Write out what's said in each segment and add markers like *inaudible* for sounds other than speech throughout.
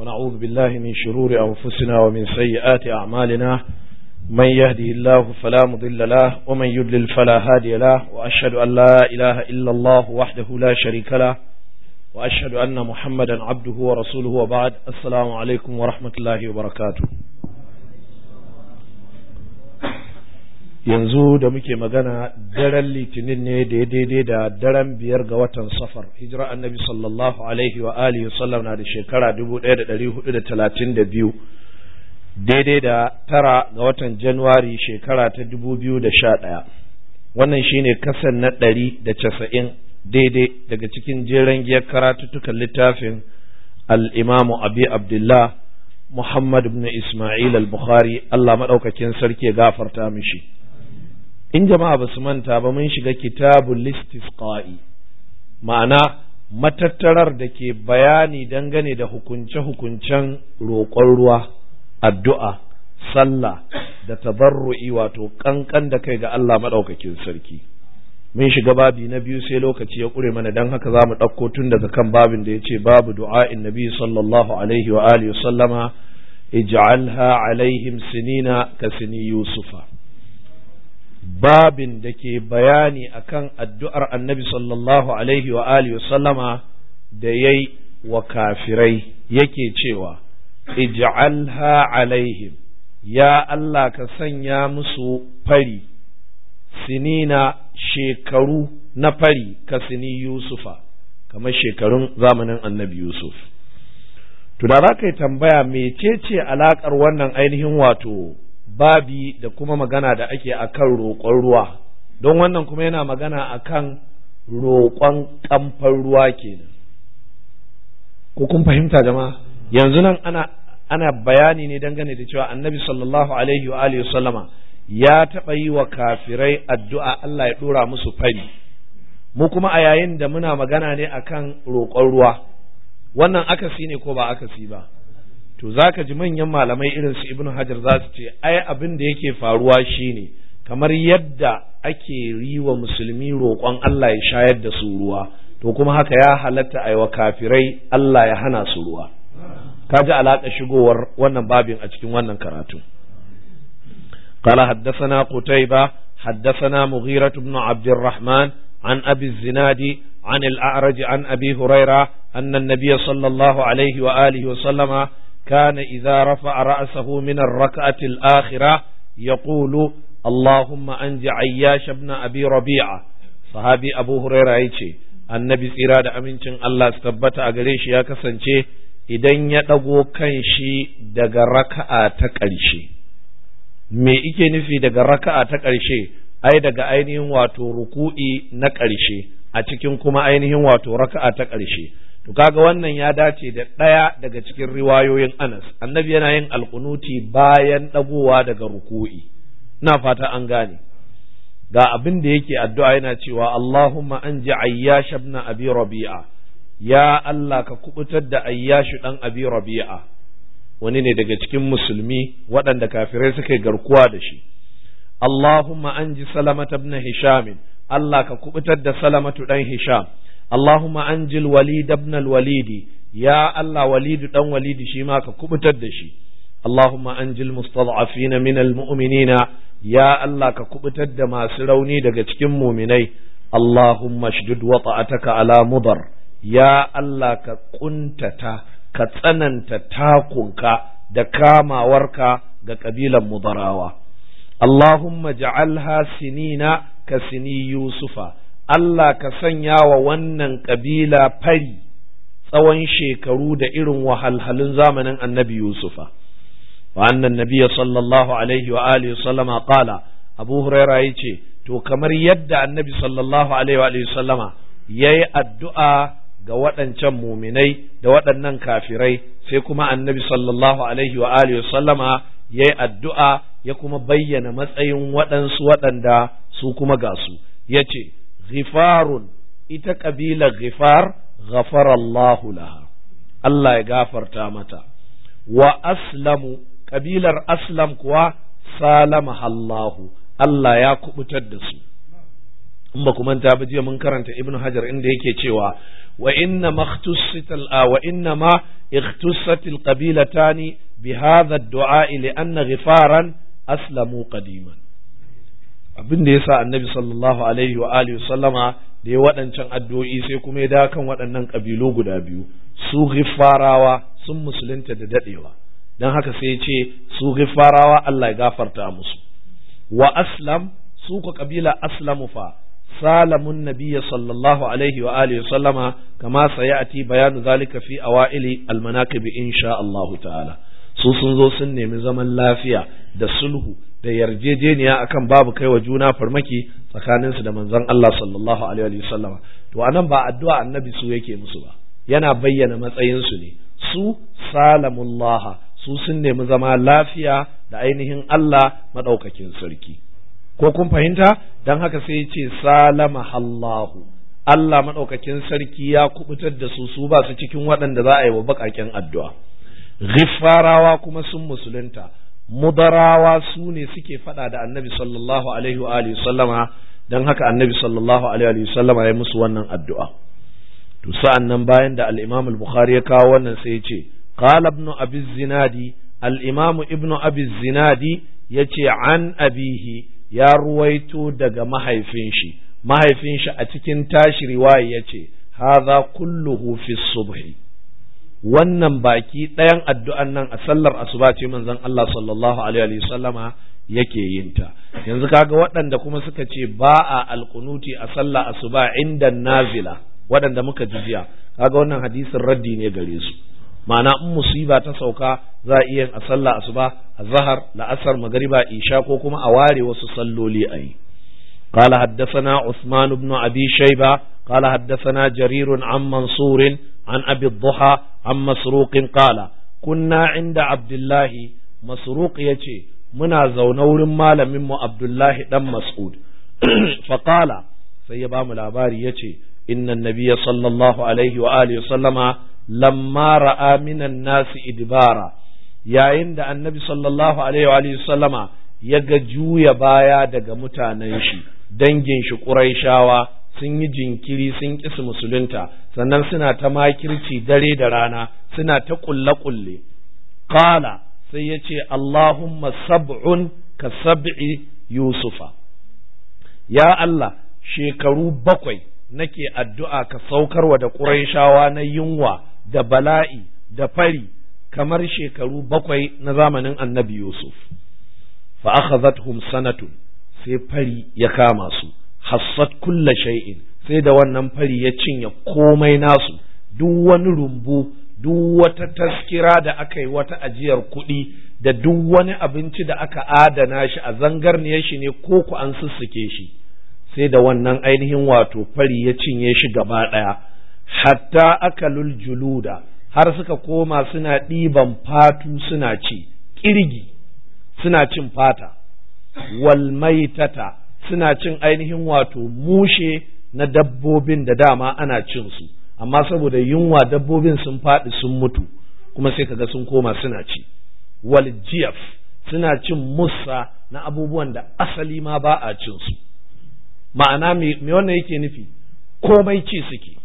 ونعوذ بالله من شرور أنفسنا ومن سيئات أعمالنا من يهدي الله فلا مضل له ومن يضلل فلا هادي له وأشهد أن لا إله إلا الله وحده لا شريك له وأشهد أن محمدا عبده ورسوله وبعد السلام عليكم ورحمة الله وبركاته yanzu da muke magana daren litinin ne da daidai da daren biyar ga watan safar hijira annabi sallallahu alaihi wa alihi sallam na da shekara 1432 daidai da tara ga watan januwari shekara ta 2011 wannan shine kasan na ɗari da casa'in daidai daga cikin jeren giyar karatuttukan littafin Al'imamu abi abdullah muhammad ibn isma'il al-bukhari Allah maɗaukakin sarki ya gafarta mishi in jama'a ba su manta ba mun shiga kitabul listisqa'i ma'ana matattarar da ke bayani dangane da hukunce-hukuncen roƙon ruwa addu'a sallah da tabarru'i wato ƙanƙan da kai ga Allah maɗaukakin sarki mun shiga babi na biyu sai lokaci ya ƙure mana don haka za mu ɗauko tun daga kan babin da ya ce babu du'a'in nabi sallallahu alaihi wa alihi sallama ij'alha alaihim sinina ka sini yusufa babin da ke bayani a kan addu'ar annabi sallallahu alaihi wa alihi sallama da yi wa kafirai yake cewa ij'alha alaihim ya Allah ka sanya musu fari sinina shekaru na fari ka sini yusufa kamar shekarun zamanin annabi yusuf Tuna za ka yi tambaya mecece alaƙar wannan ainihin wato babi da kuma magana da ake kan roƙon ruwa don wannan kuma yana magana a kan roƙon ƙamfar ruwa ke. ko kun fahimta gama? yanzu nan ana bayani ne dangane da cewa annabi sallallahu alaihi wa alihi sallama ya taɓa yi wa kafirai addu'a Allah ya ɗora musu fari mu kuma a yayin da muna magana ne akan roƙon ruwa wannan akasi ne ko ba akasi ba to ka ji manyan malamai irin su ibnu hajar za su ce ai abin da yake faruwa shine kamar yadda ake yi wa musulmi roƙon Allah ya shayar da su ruwa to kuma haka ya halatta a wa kafirai Allah ya hana su ruwa Ka ji alaƙa shigowar wannan babin a cikin wannan karatu قال حدثنا قتيبة حدثنا مغيرة بن عبد an عن أبي الزناد عن الأعرج عن أبي هريرة أن النبي صلى الله عليه وآله وسلم kana idza rafa'a ra'sahu min ar-rak'ati al Allahuma yaqulu Allahumma anji Ayyash ibn Abi Rabi'a sahabi Abu Hurairah yace annabi tsira da amincin Allah su tabbata a gare shi ya kasance idan ya ɗago kan shi daga raka'a ta ƙarshe me ike nufi daga raka'a ta ƙarshe ai daga ainihin wato ruku'i na ƙarshe a cikin kuma ainihin wato raka'a ta ƙarshe to kaga wannan ya dace da ɗaya daga cikin riwayoyin Anas annabi yana yin alkunuti bayan ɗagowa daga ruku'i na fata an gane ga abin da yake addu'a yana cewa Allahumma an ji ayyash ibn abi rabi'a ya Allah ka kubutar da ayyash dan abi rabi'a wani ne daga cikin musulmi waɗanda kafirai suka garkuwa da shi Allahumma an ji salamata ibn hisham Allah ka kubutar da salamatu dan hisham Allahumma anjil walid ibn al-walidi ya Allah walidi dan walidi shi ma ka kubutar da shi Allahumma anjil mustad'afina min al-mu'minina ya Allah ka kubutar da masu rauni daga cikin muminai Allahumma shdud wata'ataka ala mudar ya Allah ka kuntata ka tsananta takunka da kamawarka ga kabilan mudarawa Allahumma ja'alha sinina ka sini yusufa Allah ka sanya wa wannan ƙabila fari tsawon shekaru da irin wahalhalun zamanin annabi Yusufa. Wa annan nabiya sallallahu alaihi wa alihi sallama qala Abu Huraira ya ce, To, kamar yadda annabi sallallahu alaihi wa alihi sallama ya yi addu'a ga waɗancan muminai da waɗannan kafirai, sai kuma annabi sallallahu alaihi wa alihi sallama ya yi addu'a ya kuma bayyana matsayin waɗansu waɗanda su kuma ga su, ya ce, ghifarun ita ƙabilar ghifar ghafarallahu laha Allah ya gafarta mata wa aslamu ƙabilar aslam kuwa salama hallahu. Allah ya kubutar da su in ba kuma ta jiya mun karanta ibnu hajar inda yake cewa wa inna ma ikhtusatil wa inna ma ikhtusatil qabilatani bi hadha ad-du'a li anna ghifaran aslamu qadiman abin da ya sa annabi sallallahu alaihi wa alihi sallama da ya waɗancan addu'o'i sai kuma ya dawo kan waɗannan ƙabilu guda biyu su ghiffarawa sun musulunta da daɗewa. don haka sai ya ce su ghiffarawa Allah ya gafarta musu wa aslam su ku kabila aslamu fa salamun nabiyya sallallahu alaihi wa alihi sallama kama sayati bayanu zalika fi awaili almanaqib insha Allah ta'ala su sun zo sun nemi zaman lafiya da sulhu da yarjejeniya akan babu kaiwa juna farmaki tsakaninsu da manzon Allah sallallahu alaihi sallama to anan ba addu'a annabi su yake musu ba yana bayyana matsayin su ne su salamullah su sun nemi zama lafiya da ainihin Allah madaukakin sarki ko kun fahimta dan haka sai ya ce salama Allah Allah madaukakin sarki ya kubutar da su su ba su cikin waɗanda za a yi wa baƙaƙen addu'a Gifarawa kuma sun musulunta mudarawa su ne suke fada da annabi sallallahu alaihi wa sallama dan haka annabi sallallahu alaihi wa sallama ya musu wannan addu'a to sa'an nan bayan da al al-bukhari ya kawo wannan sai ya ce qala ibn abi zinadi al ibn abi zinadi yace an abihi ya ruwaito daga mahaifin shi mahaifin shi a cikin tashi riwaya yace hadha kulluhu fi subhi wannan baki ɗayan addu'an nan a sallar asuba ce manzon Allah sallallahu alaihi sallama yake yin ta yanzu kaga waɗanda kuma suka ce ba a alkunuti a sallar asuba inda nazila waɗanda muka ji jiya kaga wannan hadisin raddi ne gare su ma'ana in musiba ta sauka za a iya a sallar asuba a zahar la'asar magariba isha ko kuma a ware wasu salloli a yi قال حدثنا عثمان بن أبي شيبة قال حدثنا جرير عن منصور an abi dhuha an masruqin qala kunna inda abdullahi masruq yace muna zaune wurin malamin mu abdullahi ɗan mas'ud fa qala sai ya bamu labari yace inna nabiyya sallallahu alaihi wa alihi sallama lamma ra'a minan nasi idbara yayin da annabi sallallahu alaihi wa alihi ya ga juya baya daga mutanen shi dangin shi Qurayshawa sun yi jinkiri sun ƙi musulunta sannan suna ta makirci dare da rana suna ta ƙulle-ƙulle qala sai ya ce Allahumma sab'un ka sab'i Yusufa ya Allah shekaru bakwai nake addu'a ka saukarwa da ƙuraishawa na yunwa da bala'i da fari kamar shekaru bakwai na zamanin annabi Yusuf fa akhadhatuhum sanatun sai fari ya kama su hassat kulla shay'in sai da wannan fari ya cinye komai nasu duk wani rumbu duk wata taskira da aka yi wata ajiyar kuɗi da duk wani abinci da aka adana shi a zangarniyar shi ne ko ku an sussuke shi sai da wannan ainihin wato fari ya cinye shi gaba ɗaya hatta akalul juluda har suka koma suna ɗiban fatu suna ci ƙirgi suna cin fata wal maitata suna cin ainihin wato mushe na dabbobin da dama ana cin su amma saboda yunwa dabbobin sun faɗi sun mutu kuma sai kaga sun koma suna ci wal suna cin musa na abubuwan da asali ma ba a cin su ma'ana me wannan yake nufi komai ci suke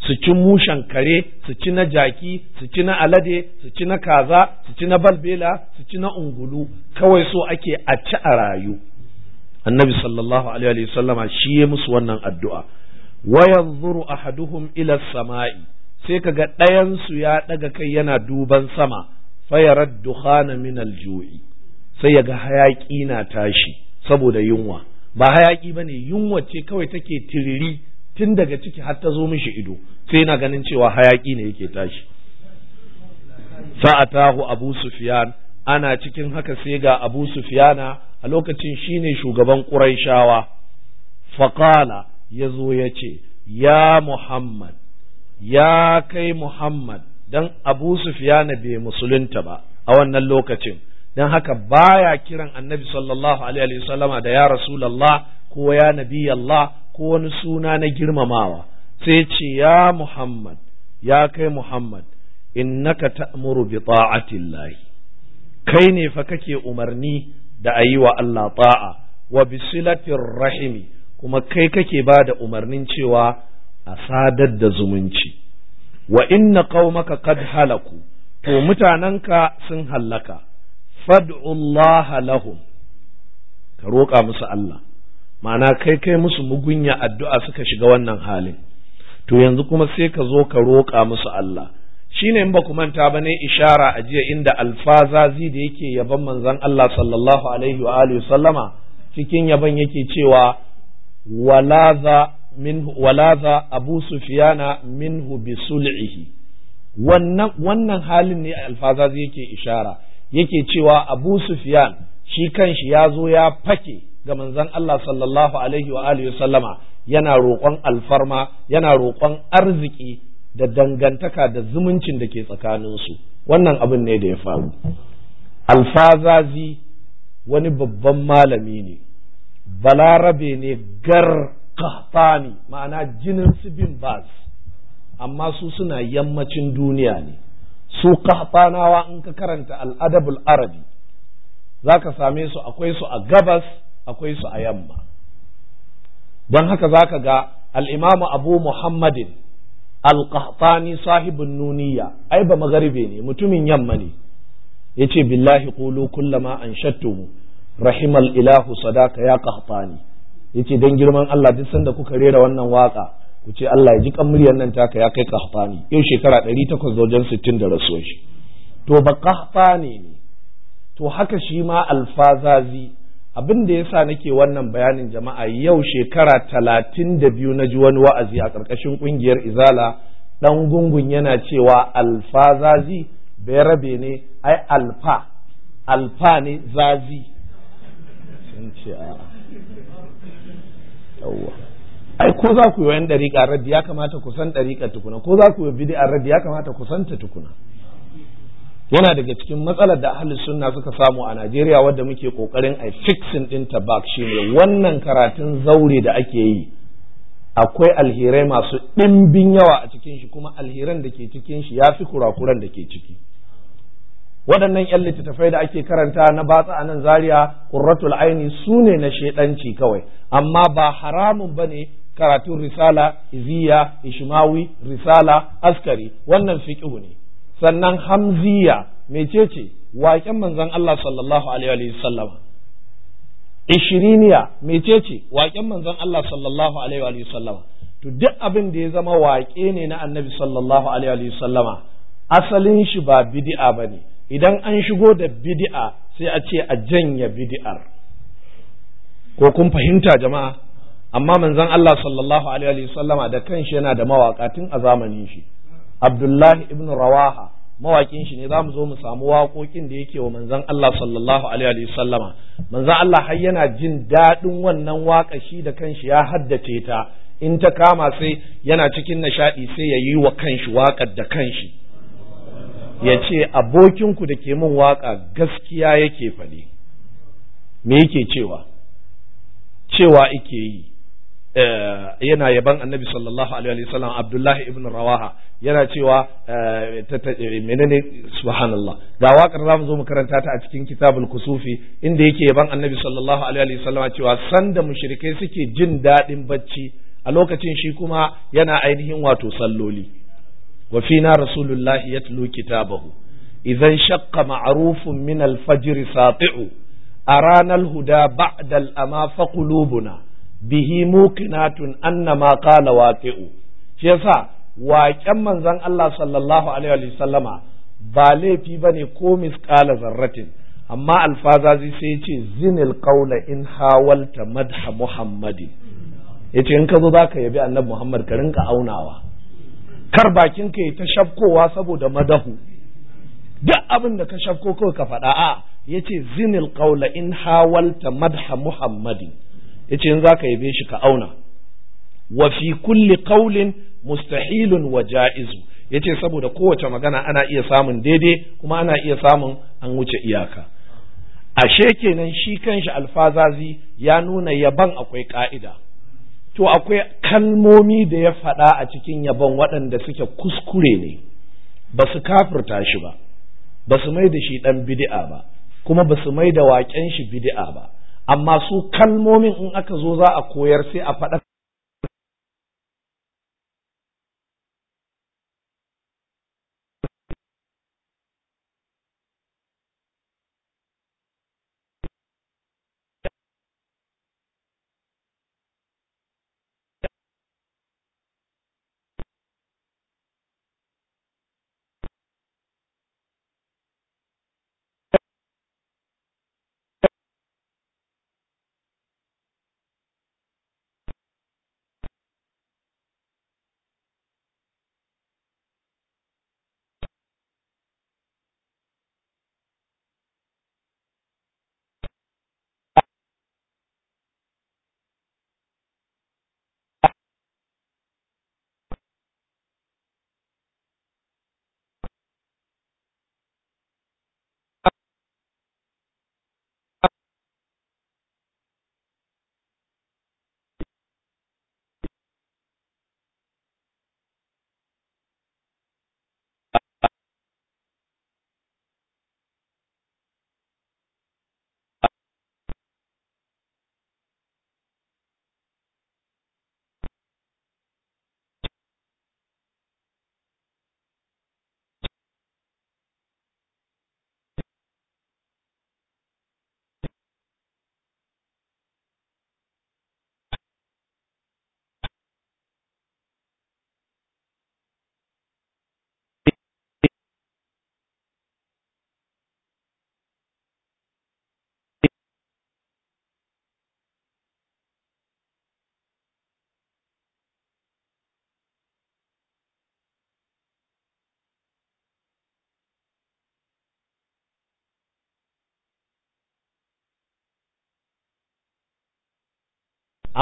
su ci mushen kare su ci na jaki su ci na alade su ci na kaza su ci na balbela su ci na ungulu kawai so ake a ci a rayu annabi sallallahu alaihi wa sallama shi ya musu wannan addu'a wa yanzuru ahaduhum ila sama'i sai kaga ɗayan su ya ɗaga kai yana duban sama fayarad dukhana min aljui sai yaga hayaƙi na tashi saboda yunwa ba hayaƙi ba ne, yunwa ce kawai take tiriri tun daga ciki har ta zo mishi ido sai yana ganin cewa hayaƙi ne yake tashi sa'atahu abu sufyan ana cikin haka sai ga abu sufiyana a lokacin shine shugaban ƙuraishawa faƙala ya zo ya ce ya muhammad ya kai muhammad don abu sufiyana bai musulunta ba a wannan lokacin don haka baya kiran annabi sallallahu alaihi wasallama da ya rasulallah ko ya nabi Allah ko wani suna na girmamawa sai ce ya muhammad ya kai muhammad innaka ta'muru bi ta'atillahi kai ne fa kake umarni da a yi wa Allah ta'a wa bisilatir rahimi kuma kai kake ba da umarnin cewa a sadar da zumunci wa inna qaumaka qad halaku to mutanenka sun hallaka fad'ullaha lahum ka roƙa musu Allah ma'ana kai kai musu mugunya addu'a suka shiga wannan halin to yanzu kuma sai ka zo ka roƙa musu Allah shine in ba ku manta ba ne ishara a jiya inda alfazazi da yake yaban manzan Allah sallallahu alaihi wa alihi sallama cikin yaban yake cewa walaza min walaza abu min minhu bi sul'ihi wannan halin ne alfazazi yake ishara yake cewa abu sufyan shi kanshi ya zo ya fake ga manzan Allah sallallahu alaihi wa alihi sallama yana roƙon alfarma yana roƙon arziki da dangantaka da zumuncin da ke tsakaninsu wannan abin ne da ya faru alfazazi wani babban malami ne balarabe ne gar kahtani ma'ana jinin su bin bas amma su suna yammacin duniya ne su kahtanawa in ka karanta al'adabul arabi za ka same su akwai su a gabas akwai su a yamma don haka za ka ga al'imamu abu muhammadin Alkahfani sahibun nuniya ai ba ne mutumin yamma ne yace billahi qulu kullama anshattuhu rahimal ilahu sadaka ya Ya yace dan girman Allah duk sanda kuka rera wannan waka ku ce Allah ya ji kan muryar nan taka ya kai qahtani yau shekara ɗari sittin da rasuwar shi to ba qahtani ne to haka shi ma alfazazi abin da ya sa nake wannan bayanin jama'a yau shekara talatin da biyu na ji wani wa'azi a ƙarƙashin ƙungiyar izala ɗan gungun yana cewa alfa zazi bai rabe ne ai alfa alfa ne zazi sun ce ai ko za ku yi wayan ɗariƙa raddi ya kamata ku san ɗariƙa tukuna ko za ku yi bidi'a raddi ya kamata ku san ta tukuna yana daga cikin matsalar da ahalin sunna suka samu a Najeriya wadda muke kokarin a fixing din ta back shine wannan karatun zaure da ake yi akwai alherai masu ɗimbin yawa a cikin shi kuma alheran da ke cikin shi ya fi kurakuran da ke ciki waɗannan 'yan littattafai da ake karanta na batsa a nan zaria qurratul aini su ne na shaidanci kawai amma ba haramun bane karatun risala iziya ishmawi risala askari wannan fiqhu ne sannan hamziya mecece waƙen manzon Allah sallallahu alaihi wa sallama ishiriniya mecece waƙen manzon Allah sallallahu alaihi wa sallama to duk abin da ya zama waƙe ne na annabi sallallahu alaihi wa sallama asalin shi ba bid'a bane idan an shigo da bid'a sai a ce a janya bid'ar ko kun fahimta jama'a amma manzon Allah sallallahu alaihi wa sallama da kanshi yana da mawaka tun a zamanin shi abdullahi ibn rawaha mawakin shi ne za mu zo mu samu waƙoƙin da yake wa manzon Allah sallallahu alaihi wa sallama manzon Allah har yana jin daɗin wannan waƙa shi da kanshi ya haddace ta in ta kama sai yana cikin nishaɗi sai ya yi wa kanshi waƙar da kanshi ya ce abokinku da ke min waƙa gaskiya yake faɗi me yake cewa cewa ike yi Eh, yana yaban annabi sallallahu alaihi wa sallam abdullahi ibn rawaha yana cewa eh, eh, menene subhanallah ga wakar zamu zo mu karanta ta a cikin kitabul kusufi inda yake yaban annabi sallallahu alaihi wa sallam cewa sanda mushrikai suke jin daɗin bacci a lokacin shi kuma yana ainihin wato salloli wa fina rasulullahi yatlu kitabahu idan shaqqa ma'rufun min al-fajr sati'u aranal huda ba'da al-ama fa bihi muqinatun annama qala waqi'u shi yasa waƙen manzon Allah sallallahu alaihi wa sallama ba laifi bane ko misqala zarratin amma alfazazi sai yace zinil qawla in hawalta madha muhammadin yace in ka zo zaka yabi annabi muhammad ka rinka aunawa kar bakin ka ta shafkowa saboda madahu duk abin da ka shafko kawai ka faɗa a yace zinil qawla in hawalta madha muhammadin yace in ka yabe shi ka auna wa fi kulli qawlin mustahilun wa ja'izu yace saboda kowace magana ana iya samun daidai kuma ana iya samun an wuce iyaka ashe kenan shi kanshi alfazazi ya nuna yaban akwai ka'ida to akwai kalmomi da ya faɗa a cikin yaban waɗanda suke kuskure ne ba su kafirta shi ba ba su mai da shi ɗan bidi'a ba kuma ba su mai da waƙen shi bidi'a ba amma su kalmomin in aka zo za a koyar sai a faɗa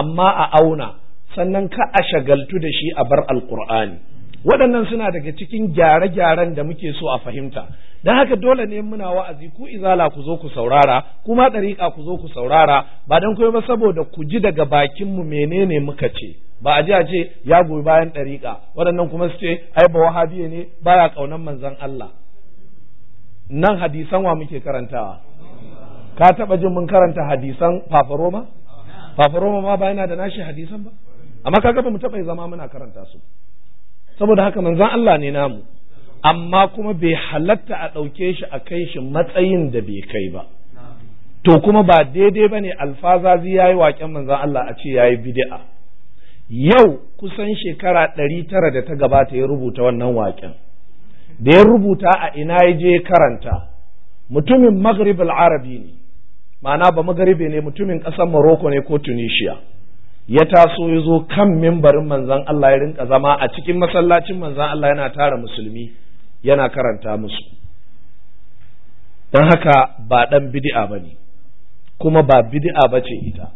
amma a auna sannan ka a shagaltu da shi a bar alkur'ani waɗannan suna daga cikin gyare-gyaren da muke so a fahimta don haka dole ne muna wa'azi ku izala ku zo ku saurara kuma ɗariƙa ku zo ku saurara ba don kuma saboda ku ji daga bakin mu menene muka ce ba a ji a ce ya goyi bayan ɗariƙa waɗannan kuma su ce ai ba wahabiye ne baya ƙaunar manzon Allah nan hadisan wa muke karantawa ka taɓa jin mun karanta hadisan fafaroma Fafaroma ma ba yana da nashi hadisan ba amma kaga ba mu taɓa zama muna karanta su saboda haka manzon Allah ne namu amma kuma bai halatta a ɗauke shi a kai shi matsayin da bai kai ba to kuma ba daidai ba ne alfazazi ya yi waƙen manzon Allah a ce ya yi bidi'a yau kusan shekara ɗari tara da ta gabata ya rubuta wannan waƙen da ya rubuta a ina ya je karanta mutumin maghrib arabi ne ma'ana ba magaribe ne mutumin ƙasar Morocco ne ko Tunisia ya taso ya zo kan mimbarin manzan Allah ya rinka zama a cikin masallacin manzan Allah yana tara musulmi yana karanta musu don haka ba ɗan bid'a ba ne kuma ba bid'a ba ce ita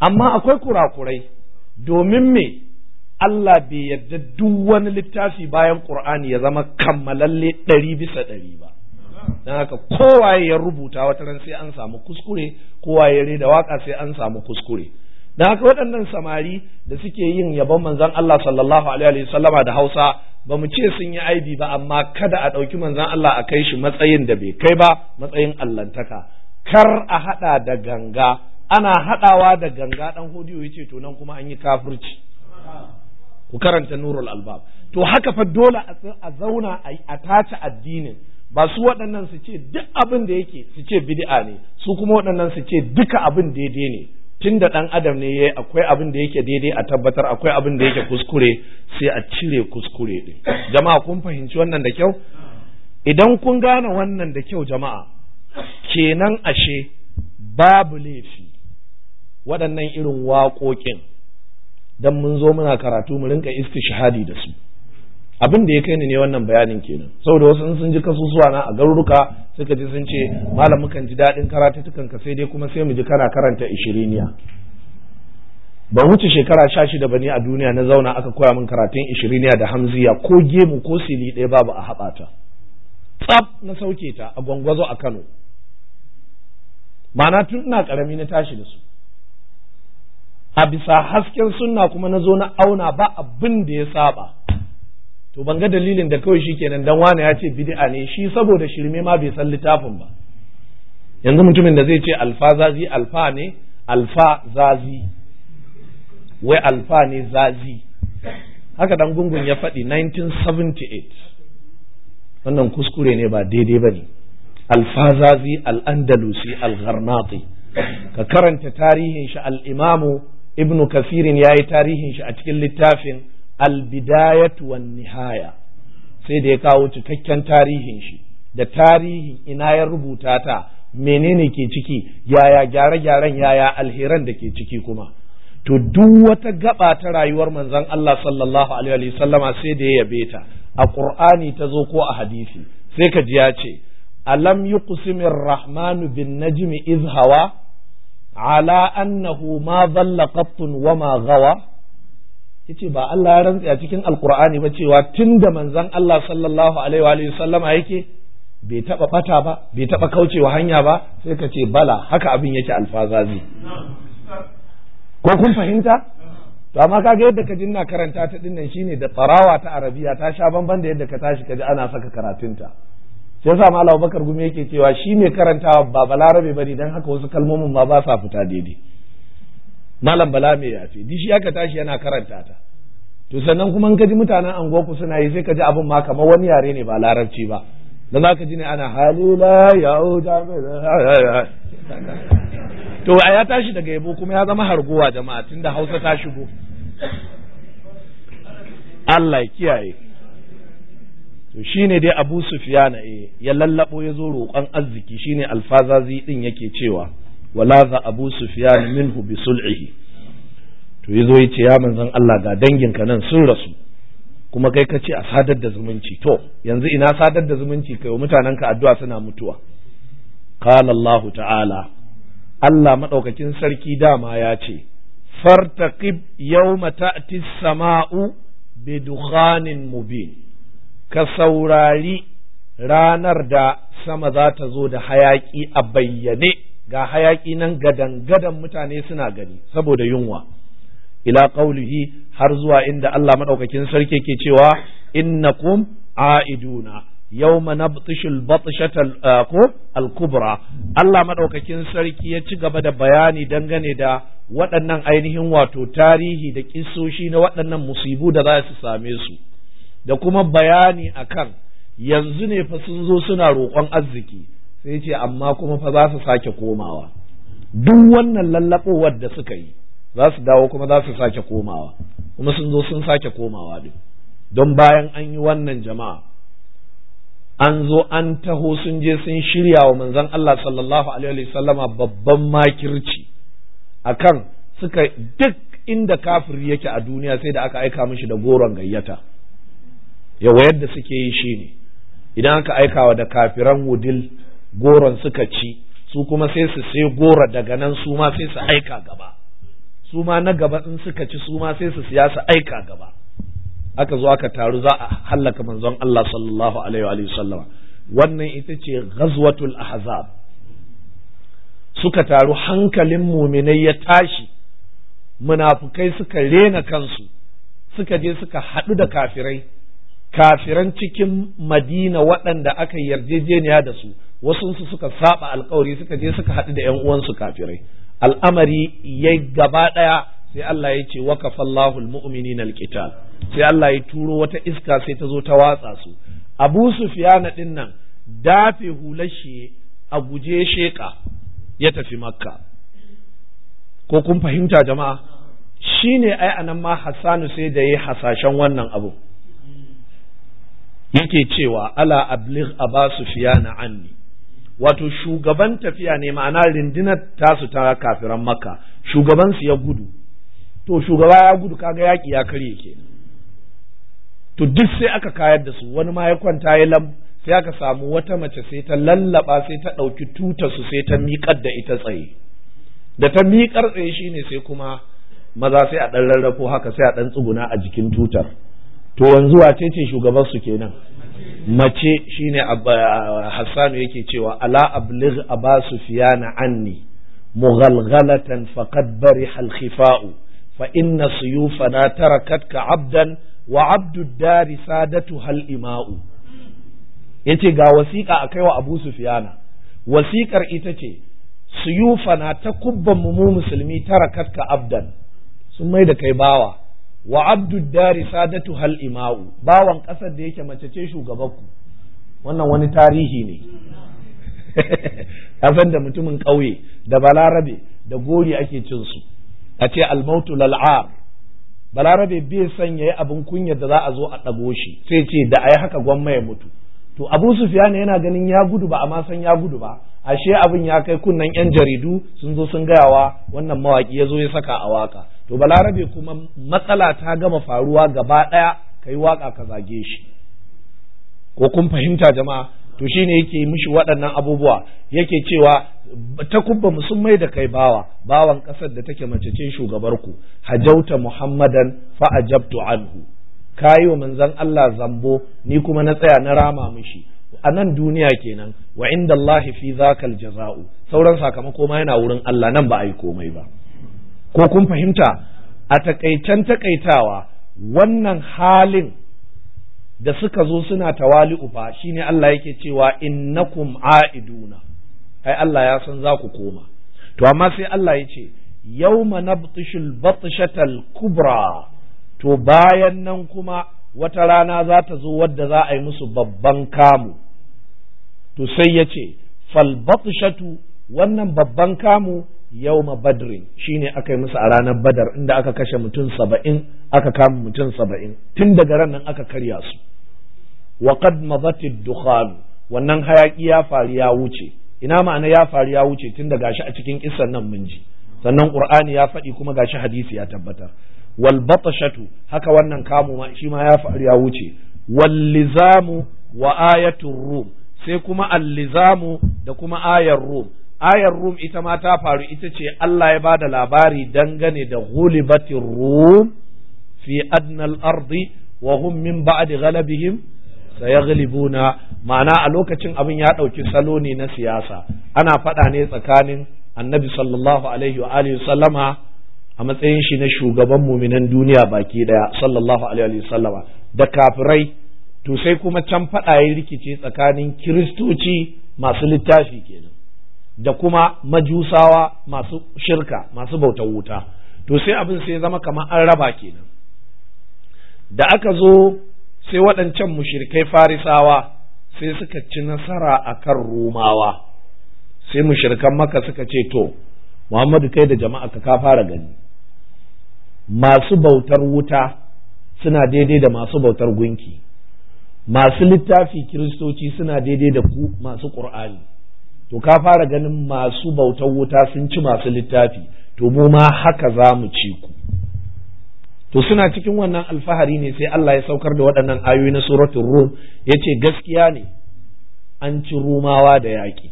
amma akwai kurakurai domin me Allah bai yarda duk wani littafi bayan Qur'ani ya zama kammalalle ɗari bisa ɗari ba don haka kowaye ya rubuta wata ran sai an samu kuskure kowaye ya da waka sai an samu kuskure don haka waɗannan samari da suke yin yabon manzon Allah sallallahu alaihi wasallama da Hausa ba mu ce sun yi aibi ba amma kada a ɗauki manzon Allah a kai shi matsayin da bai kai ba matsayin allantaka kar a haɗa da ganga ana haɗawa da ganga ɗan hodiyo ya ce to nan kuma an yi kafirci ku karanta nurul albab to haka fa dole a zauna a tace addinin ba su waɗannan su ce duk abin da yake su ce bid'a ne su kuma waɗannan su ce duka abin daidai ne tun da ɗan adam ne ya akwai abin da yake daidai a tabbatar akwai abin da yake kuskure sai a cire kuskure din jama'a kun fahimci wannan da kyau idan kun gane wannan da kyau jama'a kenan ashe babu laifi waɗannan irin waƙoƙin dan mun zo muna karatu mu rinka istishhadi da su abin da ya kai ni ne wannan bayanin kenan saboda wasu sun ji kasusuwa na a garuruka suka ji sun ce malam mukan ji daɗin karatutukan ka sai dai kuma sai mu ji kana karanta ishiriniya ban wuce shekara sha shida ba ne a duniya na zauna aka koya min karatun ishiriniya da hamziya ko gemu ko sili ɗaya babu a haɓata tsaf na sauke ta a gwangwazo a kano ma'ana tun ina ƙarami na tashi da su a bisa hasken sunna kuma na zo na auna ba abin da ya saba to ban ga dalilin da kawai shi kenan dan wani ya ce bid'a ne shi saboda shirme ma bai san littafin ba yanzu mutumin da zai ce alfa zazi alfa ne alfa zazi wai alfa ne zazi haka dan gungun ya faɗi 1978 wannan kuskure ne ba daidai ba ne alfazazi al'andalusi al-gharnati ka karanta tarihin shi al'imamu ibnu kafirin ya yi tarihin shi a cikin littafin albidayat wan nihaya sai da ya kawo cikakken tarihin shi da tarihin ina ya rubuta ta menene ke ciki yaya gyare-gyaren yaya alheran da ke ciki kuma to duk wata gaba ta rayuwar manzon Allah sallallahu alaihi sallama sai da ya yabe ta a Qur'ani ta zo ko a hadisi sai ka ji ya ce alam yuqsimir rahmanu bin najmi iz hawa ala annahu ma dhalla qattun wa ma ghawa yace ba Allah ya rantsa a cikin alkur'ani ba cewa tunda manzon Allah sallallahu alaihi wa sallama yake bai taba bata ba bai taba kaucewa hanya ba sai ka ce bala haka abin yake alfazazi ko kun fahimta to amma kaga yadda ka jinna karanta ta dinnan shine da tsarawa ta arabiya ta sha bamban da yadda ka tashi kaji ana saka karatunta shi yasa malam Bakar Gumi yake cewa shi karantawa ba balarabe bane dan haka wasu kalmomin ma ba sa fita daidai malam bala mai yafi di shi aka tashi yana karanta ta to sannan kuma in kaji mutanen angoku suna yi sai ka ji abin ma kamar wani yare ne ba larabci ba da za ka ji ne ana halila yahuda to a ya tashi daga yabo kuma ya zama harguwa jama'a tunda hausa ta shigo Allah ya kiyaye to shine dai Abu Sufyan eh ya lallabo ya zo roƙon arziki shine alfazazi din yake cewa walaza abu sufyan minhu bi sul'ihi to yazo yace ya manzon Allah ga danginka nan sun rasu kuma kai ka ce a sadar da zumunci to yanzu ina sadar da zumunci kai mutanen ka addu'a suna mutuwa qala Allah ta'ala Allah madaukakin sarki dama ya ce fartaqib yawma ta'ti samau bi dukhanin mubin ka saurari ranar da sama za ta zo da hayaki a bayyane ga hayaki nan gadan-gadan mutane suna gani saboda yunwa ila qaulihi har zuwa inda Allah madaukakin sarki ke cewa innakum aiduna yawma nabtishul batshatal ah, ko al-kubra Allah madaukakin sarki ya ci gaba da bayani dangane da waɗannan ainihin wato tarihi da kissoshi na waɗannan musibu da za su same su da kuma bayani akan yanzu ne fa sun zo suna roƙon arziki sai ce amma kuma fa za su sake komawa duk wannan lallabowar da suka yi za su dawo kuma za su sake komawa kuma sun zo sun sake komawa din don bayan an yi wannan jama'a an zo an taho sun je sun shirya wa manzon Allah sallallahu alaihi sallama babban makirci akan suka duk inda kafiri yake a duniya sai da aka aika mishi da goron gayyata yawa yadda suke yi shine idan aka aikawa da kafiran wudil goron suka ci su kuma sai su sai goro daga nan su ma sai su aika gaba su ma na gaba in suka ci su ma sai su siya su aika gaba aka zo aka taru za a hallaka manzon Allah sallallahu alaihi wa sallama wannan ita ce ghazwatul ahzab suka taru hankalin muminai ya tashi munafukai suka rena kansu suka je suka haɗu da kafirai kafiran cikin madina waɗanda aka yarjejeniya da su wasu su suka saba alkawari suka je suka haɗu da yan uwansu kafirai al'amari ya gaba ɗaya sai Allah ya ce wa mu'mini na alqital sai Allah ya turo wata iska sai ta zo ta watsa su Abu Sufyan din nan dafe hulashi a guje sheka ya tafi Makka ko kun fahimta jama'a Shi ne ai anan ma Hassanu sai da yi hasashen wannan abu yake cewa ala ablig aba sufyana anni wato shugaban tafiya ne ma'ana rindinar tasu ta kafiran maka. shugabansu ya gudu to shugaba ya gudu kaga yaki ya karye ke to duk sai aka kayar da su wani ma ya kwanta ya lam sai aka samu wata mace sai ta lallaba sai ta ɗauki tuta su sai ta miƙar da ita tsaye da ta miƙar tsaye shine sai kuma maza sai a ɗan rarrafo haka sai a ɗan tsuguna a jikin tutar to yanzu wace ce shugaban kenan mace shine Hassan yake cewa ala ablig aba sufiyana anni mughalghalatan faqad bariha al-khifa'u fa inna suyufana tarakatka abdan wa abdud dari sadatu hal ima'u yace ga wasiƙa a kaiwa Abu Sufyana wasiƙar ita ce suyufana ta kubban mu musulmi tarakatka abdan sun mai da kai bawa wa abdud dari sadatu hal ima'u bawan ƙasar da yake mace ce shugabanku wannan wani tarihi ne *laughs* kafin da mutumin ƙauye da balarabe da gori ake cin su a ce almautu lal'ar balarabe bai sanya yayi abin kunya da za a zo a ɗago shi sai ce da a yi haka gwamma ya mutu to abu Sufiyana yana ganin ya gudu ba amma san ya gudu ba ashe abin ya kai kunnan yan jaridu sun zo sun gayawa wannan mawaki ya zo ya saka a waka to balarabe kuma matsala ta gama faruwa gaba ɗaya ka yi waƙa ka zage shi ko kun fahimta jama'a to shi ne yake mishi waɗannan abubuwa yake cewa takubba sun mai da kai bawa bawan ƙasar da take mace ce shugabar ku hajauta muhammadan fa'ajabtu anhu. anhu kayi wa manzon Allah zambo ni kuma na tsaya na rama mishi a nan duniya kenan wa inda Allah fi zakal jaza'u sauran sakamako ma yana wurin Allah nan ba a yi komai ba ko kun fahimta a takaicen takaitawa wannan halin da suka zo suna tawali'u fa ne Allah yake cewa innakum aiduna ai Allah ya san za ku koma to amma sai Allah ya ce yawma nabtishul batshatal kubra to bayan nan kuma wata rana za ta zo wadda za a yi musu babban kamu to sai ya ce fal batshatu wannan babban kamu yawma badri shine aka yi musu a ranar badar inda aka kashe mutum saba'in aka kama mutum saba'in tun daga ran nan aka karya su wa qad madatid dukhan wannan hayaki ya faru ya wuce ina ma'ana ya faru ya wuce tun da gashi a cikin kissan nan mun ji sannan qur'ani ya faɗi kuma gashi hadisi ya tabbatar wal batashatu haka wannan kamu ma shi ma ya faru ya wuce wal lizamu wa ayatul rum sai kuma al lizamu da kuma ayar rum ayar rum ita ma ta faru ita ce Allah ya ba da labari dangane da ghulibatir rum fi adnal ardi wa hum min ba'di ghalabihim sayaghlibuna ma'ana a lokacin abin ya dauki salo ne na siyasa ana fada ne tsakanin annabi sallallahu alaihi wa alihi sallama a matsayin shi na shugaban muminan duniya baki daya sallallahu alaihi wa sallama da kafirai to sai kuma can fada ya rikice tsakanin kiristoci masu littafi kenan da kuma majusawa masu shirka masu bautar wuta to sai abin sai zama kamar an raba kenan da aka zo sai waɗancan mushirkai farisawa sai suka ci nasara a kan romawa sai mushirkan maka suka ce to muhammadu kai da jama'a ka fara gani masu bautar wuta suna daidai da masu bautar gunki masu littafi kiristoci suna daidai da ku masu ƙur'ani to ka fara ganin masu bautar wuta sun ci masu littafi to mu ma haka za mu ci ku to suna cikin wannan alfahari ne sai Allah ya saukar da waɗannan ayoyi na suratul rum yace gaskiya ne an ci rumawa da yaƙi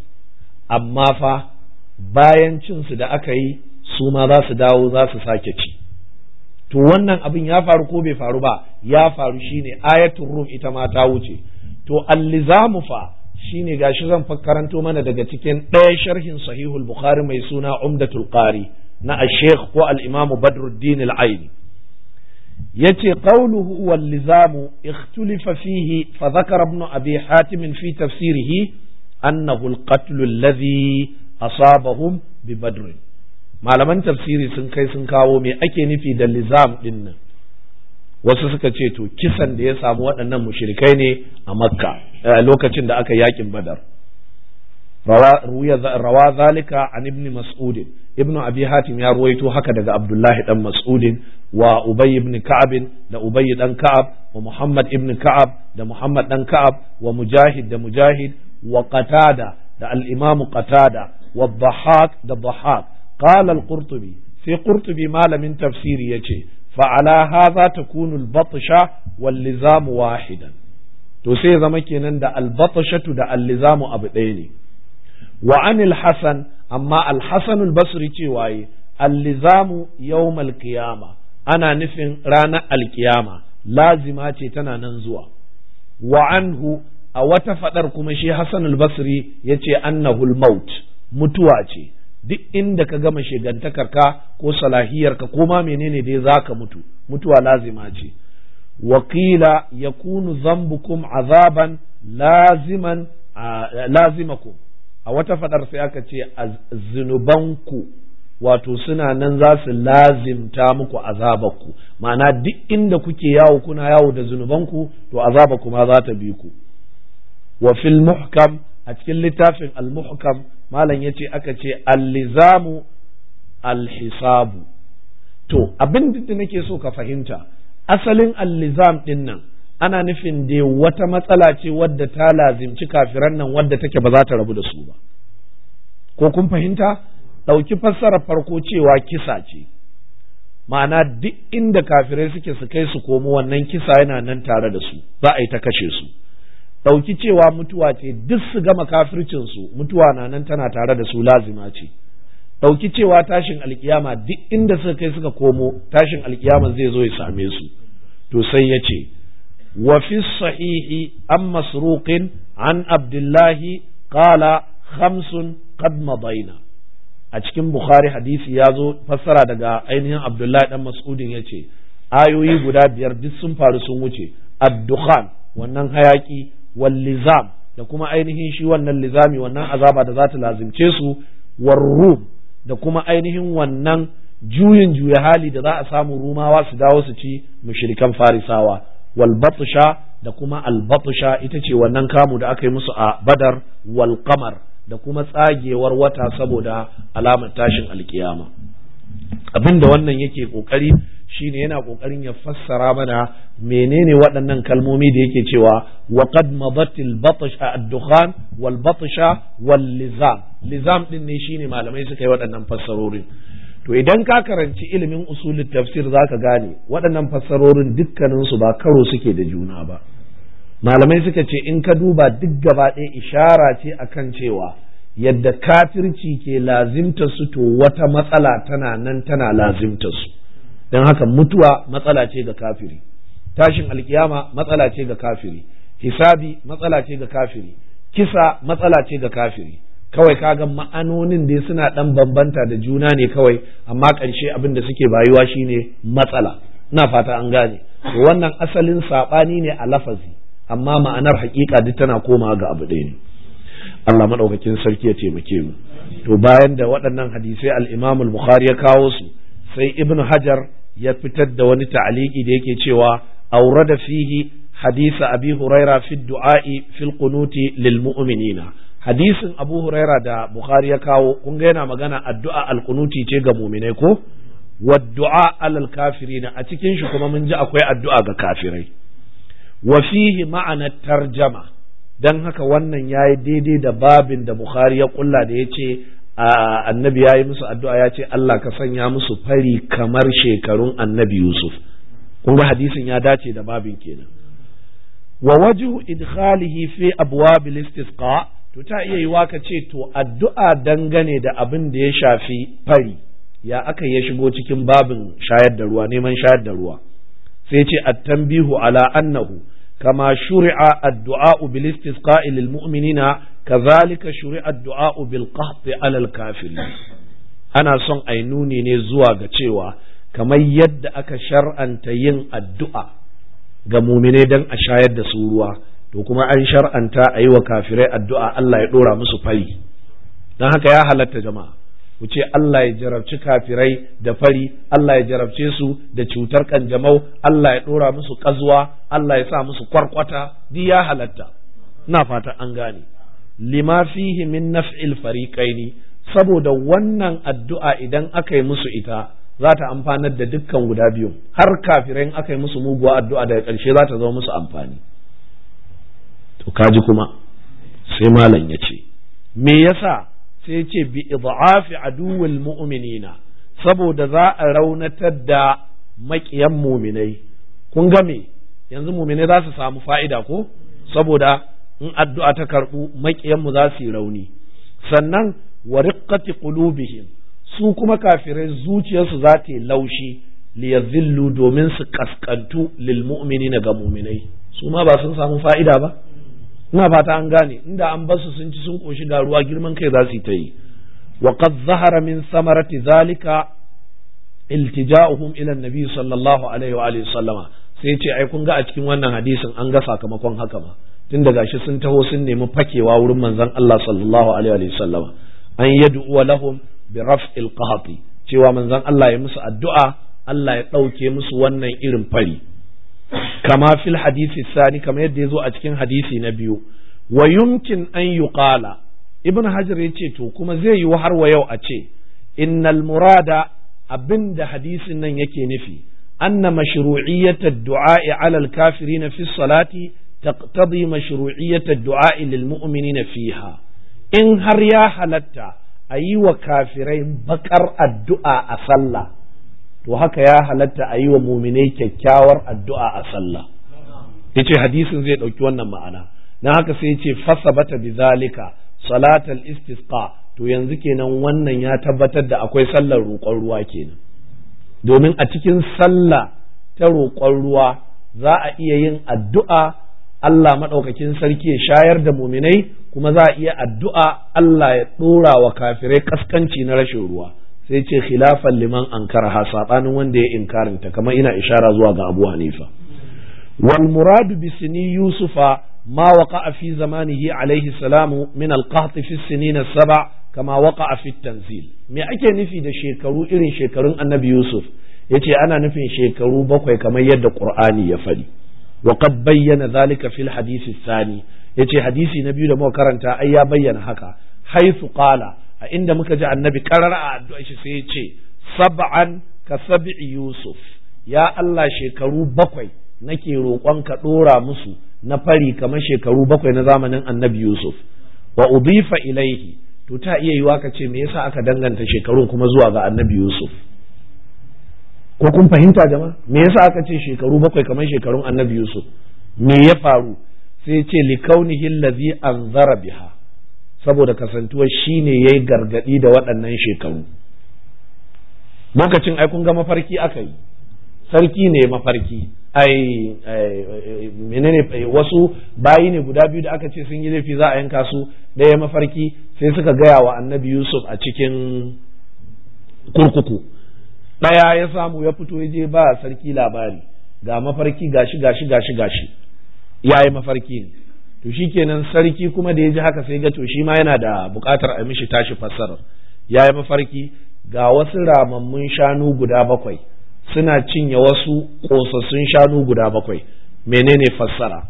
amma fa bayan cin su da aka yi su ma za su dawo za su sake ci to wannan abin ya faru ko bai faru ba ya faru shine ayatul rum ita ma ta wuce to allizamu fa shine gashi zan karanto mana daga cikin ɗaya sharhin sahihul bukhari mai suna umdatul qari na ash ko al-imamu badruddin al-aini yace qawluhu wal lizamu ikhtulifa fihi fa dhakara ibn abi hatim fi tafsirihi annahu al-qatl alladhi asabahum bi badr malaman tafsiri sun kai sun kawo me ake nufi da lizam dinnan wasu suka ce to kisan da ya samu waɗannan mushrikai ne a makka eh, lokacin da aka yakin badar rawa zalika an ibn mas'udin ibn abi hatim ya ruwaito haka daga abdullahi dan mas'udin wa ubay ibn ka'ab da ubay dan ka'ab wa muhammad ibn ka'ab da muhammad dan ka'ab wa mujahid da mujahid wa qatada da al-imam qatada wa dhahak da dhahak qala al-qurtubi sai qurtubi malamin tafsiri yace fa ala hadha takunu al-batsha wal wahidan to sai zama kenan da al da allizamu abu ɗaya ne wa anil hasan amma al basri cewa yi al qiyama ana nufin ranar alkiyama, lazima ce tana nan zuwa wa anhu a wata fadar kuma shi hasan basri yace annahu al-maut mutuwa ce duk inda ka gama shigantakar ka ko salahiyar ka ko ma menene dai zaka mutu mutuwa lazima ce wakila yakunu zambukum azaban laziman lazimakum a wata fadar sai aka ce zinubanku wato suna nan za su lazimta muku azabanku. ma'ana duk inda kuke yawo kuna yawo da zunubanku to azaba kuma za ta bi ku wa fil muhkam a cikin littafin al muhkam malam ce aka ce allizamu alhisabu, to abin da nake so ka fahimta asalin allizam din nan ana nufin da wata matsala ce wadda ta lazimci kafiran nan wadda take ba za ta rabu da su ba ko kun fahimta ɗauki fassarar farko cewa kisa ce ma'ana duk inda kafirai suke su kai su komo wannan kisa yana nan tare da su za a yi ta kashe su ɗauki cewa mutuwa ce duk su gama kafircinsu mutuwa na nan tana tare da su lazima ce ɗauki cewa tashin alkiyama duk inda suka kai suka komo tashin alkiyama zai zo ya same su to sai ya ce wa fi sahihi an masruqin an abdullahi qala khamsun qad madaina a cikin bukhari hadisi ya zo fassara daga ainihin abdullahi dan mas'udin ya ce ayoyi guda biyar duk sun faru sun wuce addukhan wannan hayaki wal da kuma ainihin shi wannan lizami wannan azaba da za ta lazimce su war da kuma ainihin wannan juyin juya hali da za a samu rumawa su dawo su ci mushrikan farisawa wal batsha da kuma al batsha ita ce wannan kamu da aka yi musu a badar wal qamar da kuma tsagewar wata saboda alamar tashin alkiyama abinda wannan yake kokari shine yana kokarin ya fassara mana menene waɗannan kalmomi da yake cewa wa qad madatil batsha ad-dukhan wal batsha wal lizam lizam din ne shine malamai suka yi waɗannan fassarorin to idan ka karanci ilimin usulul tafsir zaka gane waɗannan fassarorin dukkanin su ba karo suke da juna ba malamai suka ce in ka duba duk gaba ɗaya ishara ce akan cewa yadda kafirci ke lazimta su to wata matsala tana nan tana lazimta su don haka mutuwa matsala ce ga kafiri tashin alkiyama matsala ce ga kafiri hisabi matsala ce ga kafiri kisa matsala ce ga kafiri kawai kaga ma'anonin dai suna dan bambanta da juna ne kawai amma ƙarshe abin da suke bayuwa shine matsala ina fata an gane wannan asalin saɓani ne a lafazi amma ma'anar haƙiƙa duk tana koma ga abu ɗaya ne Allah maɗaukakin sarki ya taimake mu to bayan da waɗannan hadisai al-Imam al-Bukhari ya kawo su sai Ibn Hajar ya fitar da wani ta'aliki da yake cewa aurada fihi hadisa abi huraira fi du'a'i fil qunuti lil mu'minina hadisin abu huraira da bukhari ya kawo kun ga yana magana addu'a al qunuti ce ga mu'minai ko wa du'a alal kafirina a cikin shi kuma mun ji akwai addu'a ga kafirai wa fihi ma'ana tarjama dan haka wannan yayi daidai da babin da bukhari ya kulla da yace annabi ya yi musu addu'a ya ce Allah ka sanya musu fari kamar shekarun annabi Yusuf kun ga hadisin ya dace da babin kenan wa wajhu idkhalihi fi abwabil istisqa to ta iya yiwa ka ce to addu'a dangane da abin da ya shafi fari ya aka ya shigo cikin babin shayar da ruwa neman shayar da ruwa sai ce at-tanbihu ala annahu kama shuri'a addu'a bil istisqa lil mu'minina kazalika shuri'ad du'a'u bil qahti alal kafirin ana son ai nuni ne zuwa ga cewa kamar yadda aka shar'anta yin addu'a ga mumine dan a shayar da su ruwa to kuma an shar'anta a yi wa kafirai addu'a Allah ya ɗora musu fari don haka ya halatta jama'a ku ce Allah ya jarabci kafirai da fari Allah ya jarabce su da cutar kanjamau Allah ya ɗora musu ƙazuwa Allah ya sa musu kwarkwata duk ya halatta ina fata an gane lima fihi min naf'il fariqaini saboda wannan addu'a idan aka yi musu ita za ta amfanar da dukkan guda biyu har kafirai aka yi musu muguwa addu'a daga ƙarshe za ta zama musu amfani to kaji kuma sai malam ya ce me yasa sai ya ce bi idhafi aduwil mu'minina saboda za a raunatar da maƙiyan muminai kun ga me yanzu muminai za su samu fa'ida ko saboda in addu'a ta karɓu maƙiyanmu za su yi rauni sannan wa riqqati qulubihim su kuma kafirai zuciyarsu za ta yi laushi liyazillu domin su kaskantu lil mu'minina ga mu'minai su ma ba sun samu fa'ida ba ina fata an gane inda an basu sun ci sun koshi ga ruwa girman kai za su ta yi wa qad zahara min samarati zalika iltija'uhum ila nabi sallallahu alaihi wa alihi sallama sai ce ai kun ga a cikin wannan hadisin an ga sakamakon haka ma tun da gashi sun taho sun nemi fakewa wurin manzon Allah sallallahu alaihi wa sallama an yad'u lahum bi raf'il qahati cewa manzon Allah ya musu addu'a Allah ya ɗauke musu wannan irin fari kama fil hadisi sani kamar yadda ya zo a cikin hadisi na biyu wa yumkin an yuqala ibn hajar ya ce to kuma zai yi har wa yau a ce innal murada abinda hadisin nan yake nufi anna mashru'iyyat ad-du'a 'ala al-kafirin fi salati taqtadi mashru'iyyat ad-du'a lil mu'minina fiha in har ya halatta a yi wa kafirai baƙar addu'a a sallah to haka ya halatta a yiwa muminai kyakkyawar addu'a a sallah yace hadisin zai ɗauki wannan ma'ana na haka sai yace fasabata bizalika salatal istisqa to yanzu kenan wannan ya tabbatar da akwai sallar roƙon ruwa kenan domin a cikin sallah ta roƙon ruwa za a iya yin addu'a Allah maɗaukakin sarki ya shayar da muminai kuma za a iya addu'a Allah ya ɗora wa kafirai ƙaskanci na rashin ruwa sai ce khilafan liman ankara ha saɓanin wanda ya inkarinta kamar ina ishara zuwa ga Abu Hanifa wal muradu bi sini yusufa ma a fi zamanihi alaihi salamu min al fi sinin saba kama a fi tanzil me ake nufi da shekaru irin shekarun annabi yusuf Ya ce ana nufin shekaru bakwai kamar yadda qur'ani ya faɗi wa qad bayyana zalika fil hadisi sani yace hadisi na biyu da muka karanta ai ya bayyana haka haythu qala a inda muka ji annabi karara a addu'a shi sai yace sab'an ka sab'i yusuf ya Allah shekaru bakwai nake roƙon ka dora musu na fari kamar shekaru bakwai na zamanin annabi yusuf wa udifa ilaihi to ta iya yiwa ka ce me yasa aka danganta shekarun kuma zuwa ga annabi yusuf ko kun fahimta jama'a me yasa aka ce shekaru bakwai kamar shekarun annabi yusuf me ya faru sai ya ce kaunihi allazi anzara biha saboda kasantuwa shine yayi gargadi da waɗannan shekaru lokacin ai kun ga mafarki aka yi sarki ne mafarki ai menene wasu bayi ne guda biyu da aka ce sun yi laifi za a yanka su ɗaya mafarki sai suka gaya wa annabi yusuf a cikin kurkuku ɗaya ya samu ya fito ya je ba sarki labari ga mafarki gashi gashi gashi gashi ya yi mafarki ne to shi kenan sarki kuma da ya ji haka sai ga to shi ma yana da buƙatar a mishi tashi fassarar ya yi mafarki ga wasu ramammun shanu guda bakwai suna cinye wasu ƙosassun shanu guda bakwai menene fassara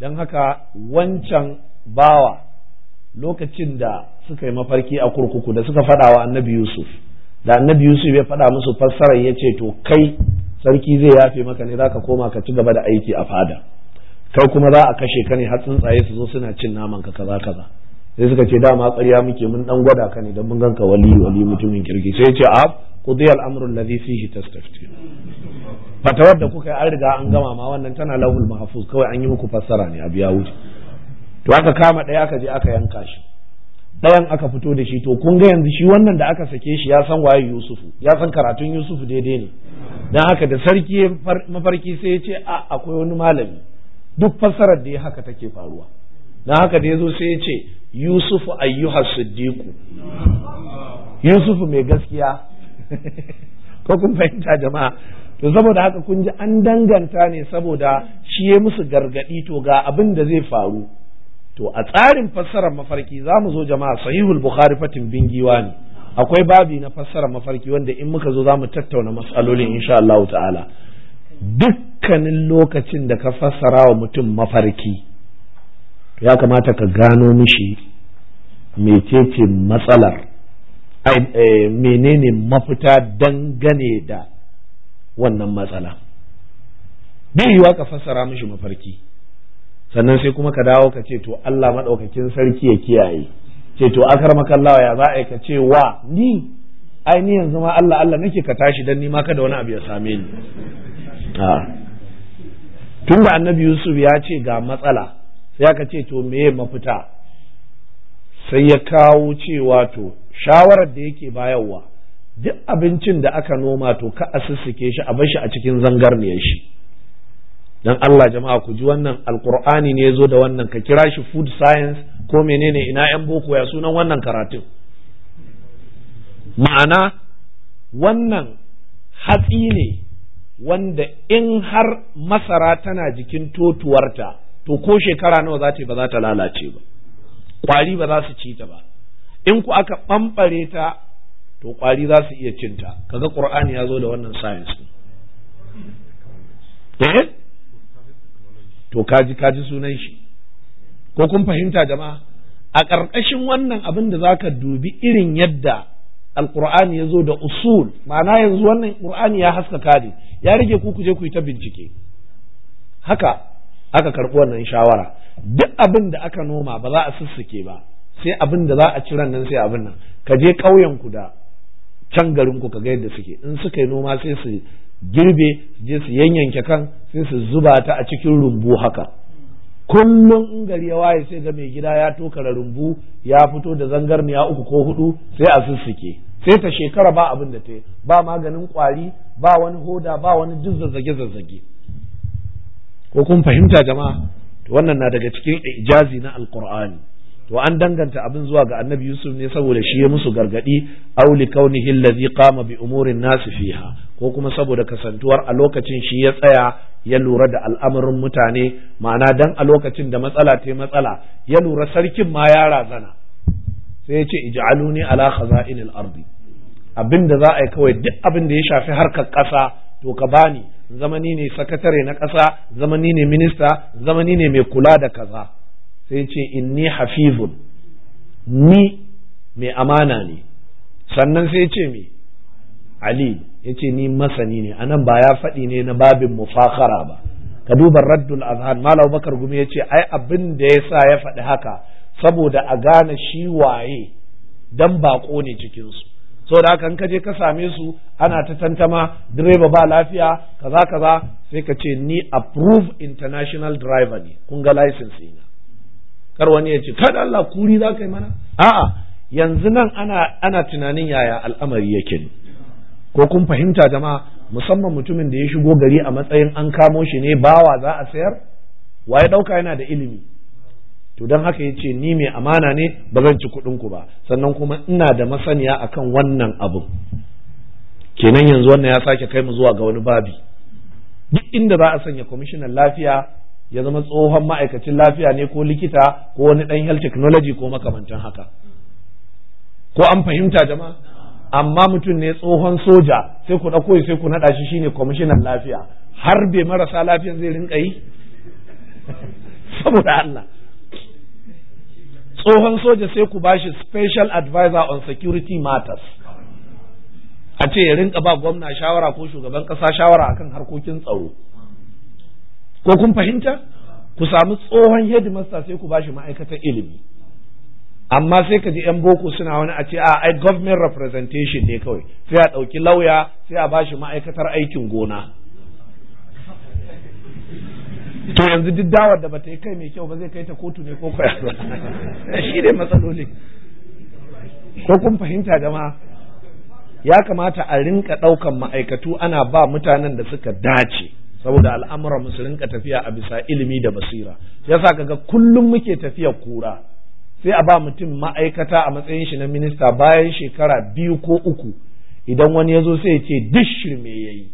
don haka wancan bawa lokacin da suka yi mafarki a kurkuku da suka faɗawa annabi yusuf da annabi yusuf ya faɗa musu fassarar ya ce to kai sarki zai yafe maka ne za ka koma ka ci gaba da aiki a fada kai kuma za a kashe ka ne har tsuntsaye su zo suna cin naman ka kaza kaza sai suka ce dama ƙarya muke mun dan gwada ka ne don mun ganka wali wali mutumin kirki sai ya ce a qudi al-amru alladhi fihi tastafti fatawar da kuka yi an riga an gama ma wannan tana lahul mahfuz kawai an yi muku fassara ne a biya wuce to aka kama ɗaya aka je aka yanka shi ɗayan aka fito da shi to kun ga yanzu shi wannan da aka sake shi ya san waye yusufu ya san karatun yusufu daidai ne dan haka da sarki mafarki sai ya ce a akwai wani malami duk fassarar da ya haka take faruwa dan haka da ya sai ya ce yusufu ayyuha siddiqu yusufu mai gaskiya *laughs* ko kun fahimta jama'a to saboda haka kun ji an danganta ne saboda shi ya musu gargadi to ga abin da zai faru to a tsarin fassarar mafarki za mu zo jama'a sahihul bukhari fatin bin giwa ne akwai babi na fassarar mafarki wanda in muka zo za mu tattauna matsalolin insha Allah ta'ala dukkanin lokacin da ka fassara wa mutum mafarki ya kamata ka gano mishi mecece matsalar eh, menene mafita dangane da wannan matsala bai yiwa ka fassara mishi mafarki sannan sai kuma ka dawo ka ce to Allah maɗaukakin sarki ya kiyaye ce to akarmakallawa ya za a ka ce wa ni ai ni yanzu ma Allah Allah nake ka tashi dan ni ma kada wani abu ya same ni tun da annabi Yusuf ya ce ga matsala sai aka ce to meye mafita sai ya kawo cewa to shawarar da yake bayarwa duk abincin da aka noma to ka a sussuke shi a bashi a cikin zangarniyar shi dan Allah jama'a ku ji wannan alqur'ani ne yazo da wannan ka kira shi food science ko menene ina yan boko ya sunan wannan karatun ma'ana wannan hatsi ne wanda in har masara tana jikin totuwarta to ko shekara nawa za ta ba za ta lalace ba kwari ba za su ci ta ba in ku aka ɓamɓare ta to kwari za su iya cinta kaga qur'ani ya zo da wannan science eh to kaji kaji sunan shi ko kun fahimta jama'a a ƙarƙashin wannan abin da zaka dubi irin yadda alqur'ani ya zo da usul ma'ana yanzu wannan qur'ani ya haskaka ne ya rage ku kuje ku yi ta bincike haka aka karɓi wannan shawara duk abin da aka noma ba za a sussuke ba sai abin da za a ci nan sai abin nan ka je ƙauyen ku da can garin ku kaga yadda suke in suka yi noma sai su girbe su je su yanyanke kan sai su zuba ta a cikin rumbu haka kullum in gari ya waye sai ga mai gida ya tokara rumbu ya fito da zangarniya uku ko hudu sai a sussuke sai ta shekara ba abin da ta ba maganin kwari ba wani hoda ba wani duk zazzage zazzage ko kun fahimta jama'a wannan na daga cikin ijazi na alqur'ani to an danganta abin zuwa ga annabi yusuf ne saboda shi ya musu gargadi auli kaunihi allazi qama bi umurin nasi fiha ko kuma saboda kasantuwar a lokacin shi ya tsaya ya lura da al'amarin mutane ma'ana dan a lokacin da matsala ta matsala ya lura sarkin ma ya razana sai ya ce ij'aluni ala khaza'inil ardi abin da za a yi kawai duk abin da ya shafi harkar ƙasa to ka bani zamani ne sakatare na ƙasa zamani ne minista zamani ne mai kula da kaza sai ce inni hafizun ni mai amana ne sannan sai ce me ali ya ce ni masani ne anan ba ya faɗi ne na babin mufakara ba ka duba raddul azhan malam bakar gumi ya ce ai abin da ya sa ya faɗi haka saboda a gane shi waye dan baƙo ne cikinsu su haka ka je ka same su ana ta tantama direba ba lafiya kaza kaza sai ka ce ni approve international driver ne kun ga license ina kar wani ya ce kada Allah kuri za ka yi mana a'a yanzu nan ana ana tunanin yaya al'amari yake ne ko kun fahimta jama'a musamman mutumin da ya shigo gari a matsayin an kamo shi ne bawa za a sayar wa ya dauka yana da ilimi to don haka ya ce ni mai amana ne ba zan ci kuɗin ku ba sannan kuma ina da masaniya akan wannan abu kenan yanzu wannan ya sake kai mu zuwa ga wani babi duk inda za a sanya kwamishinan lafiya ya zama tsohon ma'aikacin lafiya ne ko likita ko wani ɗan health technology ko makamantan haka ko an fahimta jama'a amma mutum ne tsohon soja sai ku ɗauko sai ku naɗa shi shine kwamishinan lafiya har bai marasa lafiyan zai rinka yi *laughs* saboda Allah tsohon soja sai ku bashi special advisor on security matters a ce ya rinka ba gwamna shawara ko shugaban ƙasa shawara akan harkokin tsaro ko kun fahimta ku samu tsohon hedimasta sai ku bashi ma'aikatar ilimi amma sai ka ji yan boko suna wani a ce a ah, ai government representation ne kawai sai a ɗauki lauya sai a bashi ma'aikatar aikin gona to yanzu duk dawar da bata yi kai mai kyau ba zai kai ta kotu ne ko kwaya *laughs* shi ne matsaloli ko kun fahimta jama'a ya kamata a rinka ɗaukan ma'aikatu ana ba mutanen da suka dace saboda al'amura musu rinka tafiya a bisa ilimi da basira yasa kaga kullum muke tafiya kura sai a ba mutum ma'aikata a matsayin shi na minista bayan shekara biyu ko uku idan wani ya zo sai ya ce dishir me yayi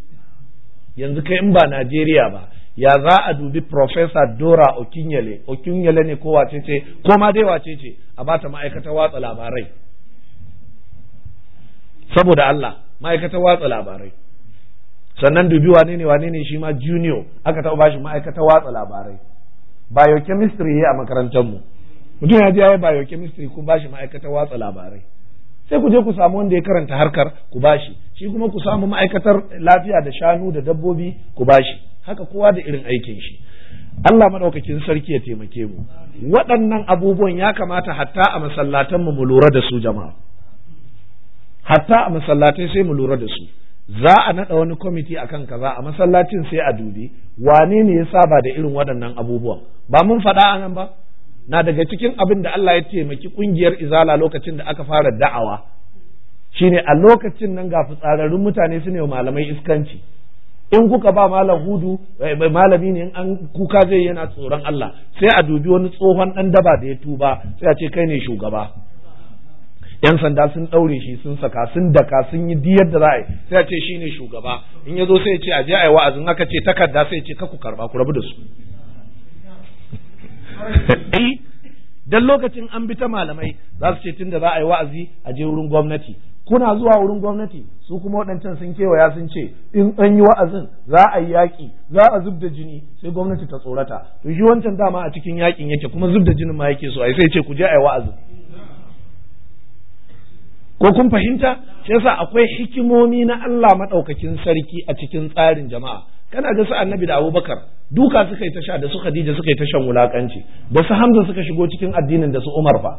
yanzu kai in ba Najeriya ba ya za a dubi Profesa Dora Okinyele, Okinyele ne ko wace ce, ko ma dai wace ce, a bata ma'aikatar watsa labarai. Saboda Allah, ma'aikatar watsa labarai. sannan dubi wane ne wane ne shi ma junior aka taɓa bashi ma'aikata watsa labarai biochemistry ya a makarantar mu mutum ya je ya yi biochemistry ku bashi ma'aikata watsa labarai sai ku je ku samu wanda ya karanta harkar ku bashi shi kuma ku samu ma'aikatar lafiya da shanu da dabbobi ku bashi haka kowa da irin aikin shi Allah madaukakin sarki ya taimake mu waɗannan abubuwan ya kamata hatta a masallatan mu lura da su jama'a hatta a masallatai sai mu lura da su za a naɗa wani kwamiti a akan kaza a masallacin sai a dubi wane ne ya saba da irin waɗannan abubuwan ba mun faɗa a nan ba na daga cikin abin da Allah ya taimaki ƙungiyar izala lokacin da aka fara da'awa shine a lokacin nan ga fitsararrun mutane su ne malamai iskanci in kuka ba malam hudu eh, malami ne in an kuka zai yana tsoron Allah sai a dubi wani tsohon ɗan daba da ya tuba sai a ce kai ne shugaba yan sanda sun ɗaure shi sun saka sun daka sun yi diyar da za a yi sai a ce shi ne shugaba in ya zo sai ce a je a yi wa'azin aka ce takarda sai ce kaku karba ku rabu da su *laughs* eh, dan lokacin an bi ta malamai za su ce tunda za a yi wa'azi a je wurin gwamnati kuna zuwa wurin gwamnati su kuma waɗancan sun kewaya sun ce in an yi wa'azin za a yi yaƙi za a zub da jini sai gwamnati ta tsorata to shi wancan dama a cikin yaƙin yake kuma zub da jinin ma yake so ai sai ce ku je a yi wa'azin ko kun fahimta shi yasa akwai hikimomi na Allah madaukakin sarki a cikin tsarin jama'a kana ga su annabi da abubakar duka suka yi tasha da su khadija suka yi tashan wulakanci da su hamza suka shigo cikin addinin da su umar ba.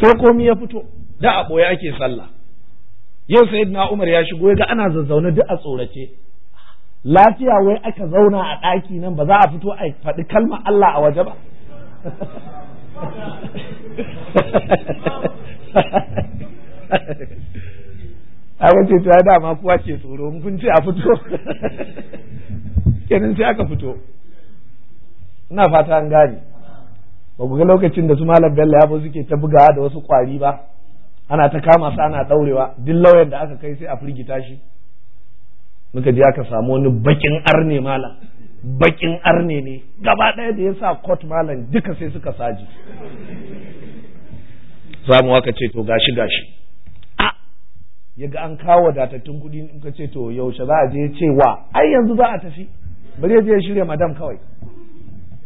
sai komi ya fito da a boye ake sallah yau na umar ya shigo ya ga ana zazzaune duk a tsorace lafiya wai aka zauna a ɗaki nan ba za a fito a faɗi kalmar Allah a waje ba *laughs* a wace ta dama kuwa ce tsoro kun ce a fito kenan sai aka fito ina fata an gane ba ku ga lokacin da su malam bello ya suke ta bugawa da wasu kwari ba ana ta kama su ana daurewa duk lauyan da aka kai sai a firgita shi muka ji aka samu wani bakin arne malam bakin arne ne gaba ɗaya da ya sa kot malam duka sai suka saji Zamu aka ce to gashi gashi a ya ga an kawo wadatattun kuɗi in ka ce to yaushe za a je cewa ai yanzu za a tafi bari ya je ya shirya madam kawai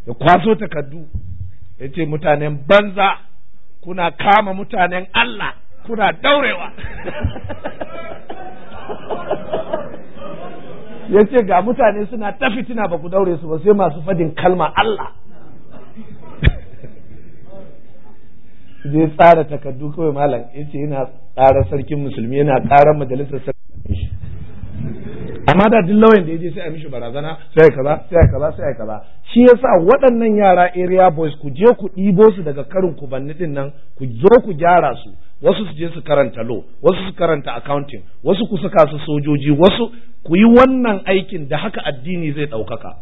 ya kwaso takardu ya ce mutanen banza kuna kama mutanen Allah kuna daurewa *laughs* ya ce ga mutane suna ta fitina ba ku daure su ba sai masu fadin kalma Allah je tsara takardu kawai malam ce yana tsara sarkin musulmi yana tsara majalisar sarkin amma da duk lauyan da ya je sai a mishi barazana sai ba sai ba sai ba shi yasa waɗannan yara area boys ku je ku ɗibo su daga karin ku banni din nan ku zo ku gyara su wasu su je su karanta law wasu su karanta accounting wasu ku saka su sojoji wasu ku yi wannan aikin da haka addini zai ɗaukaka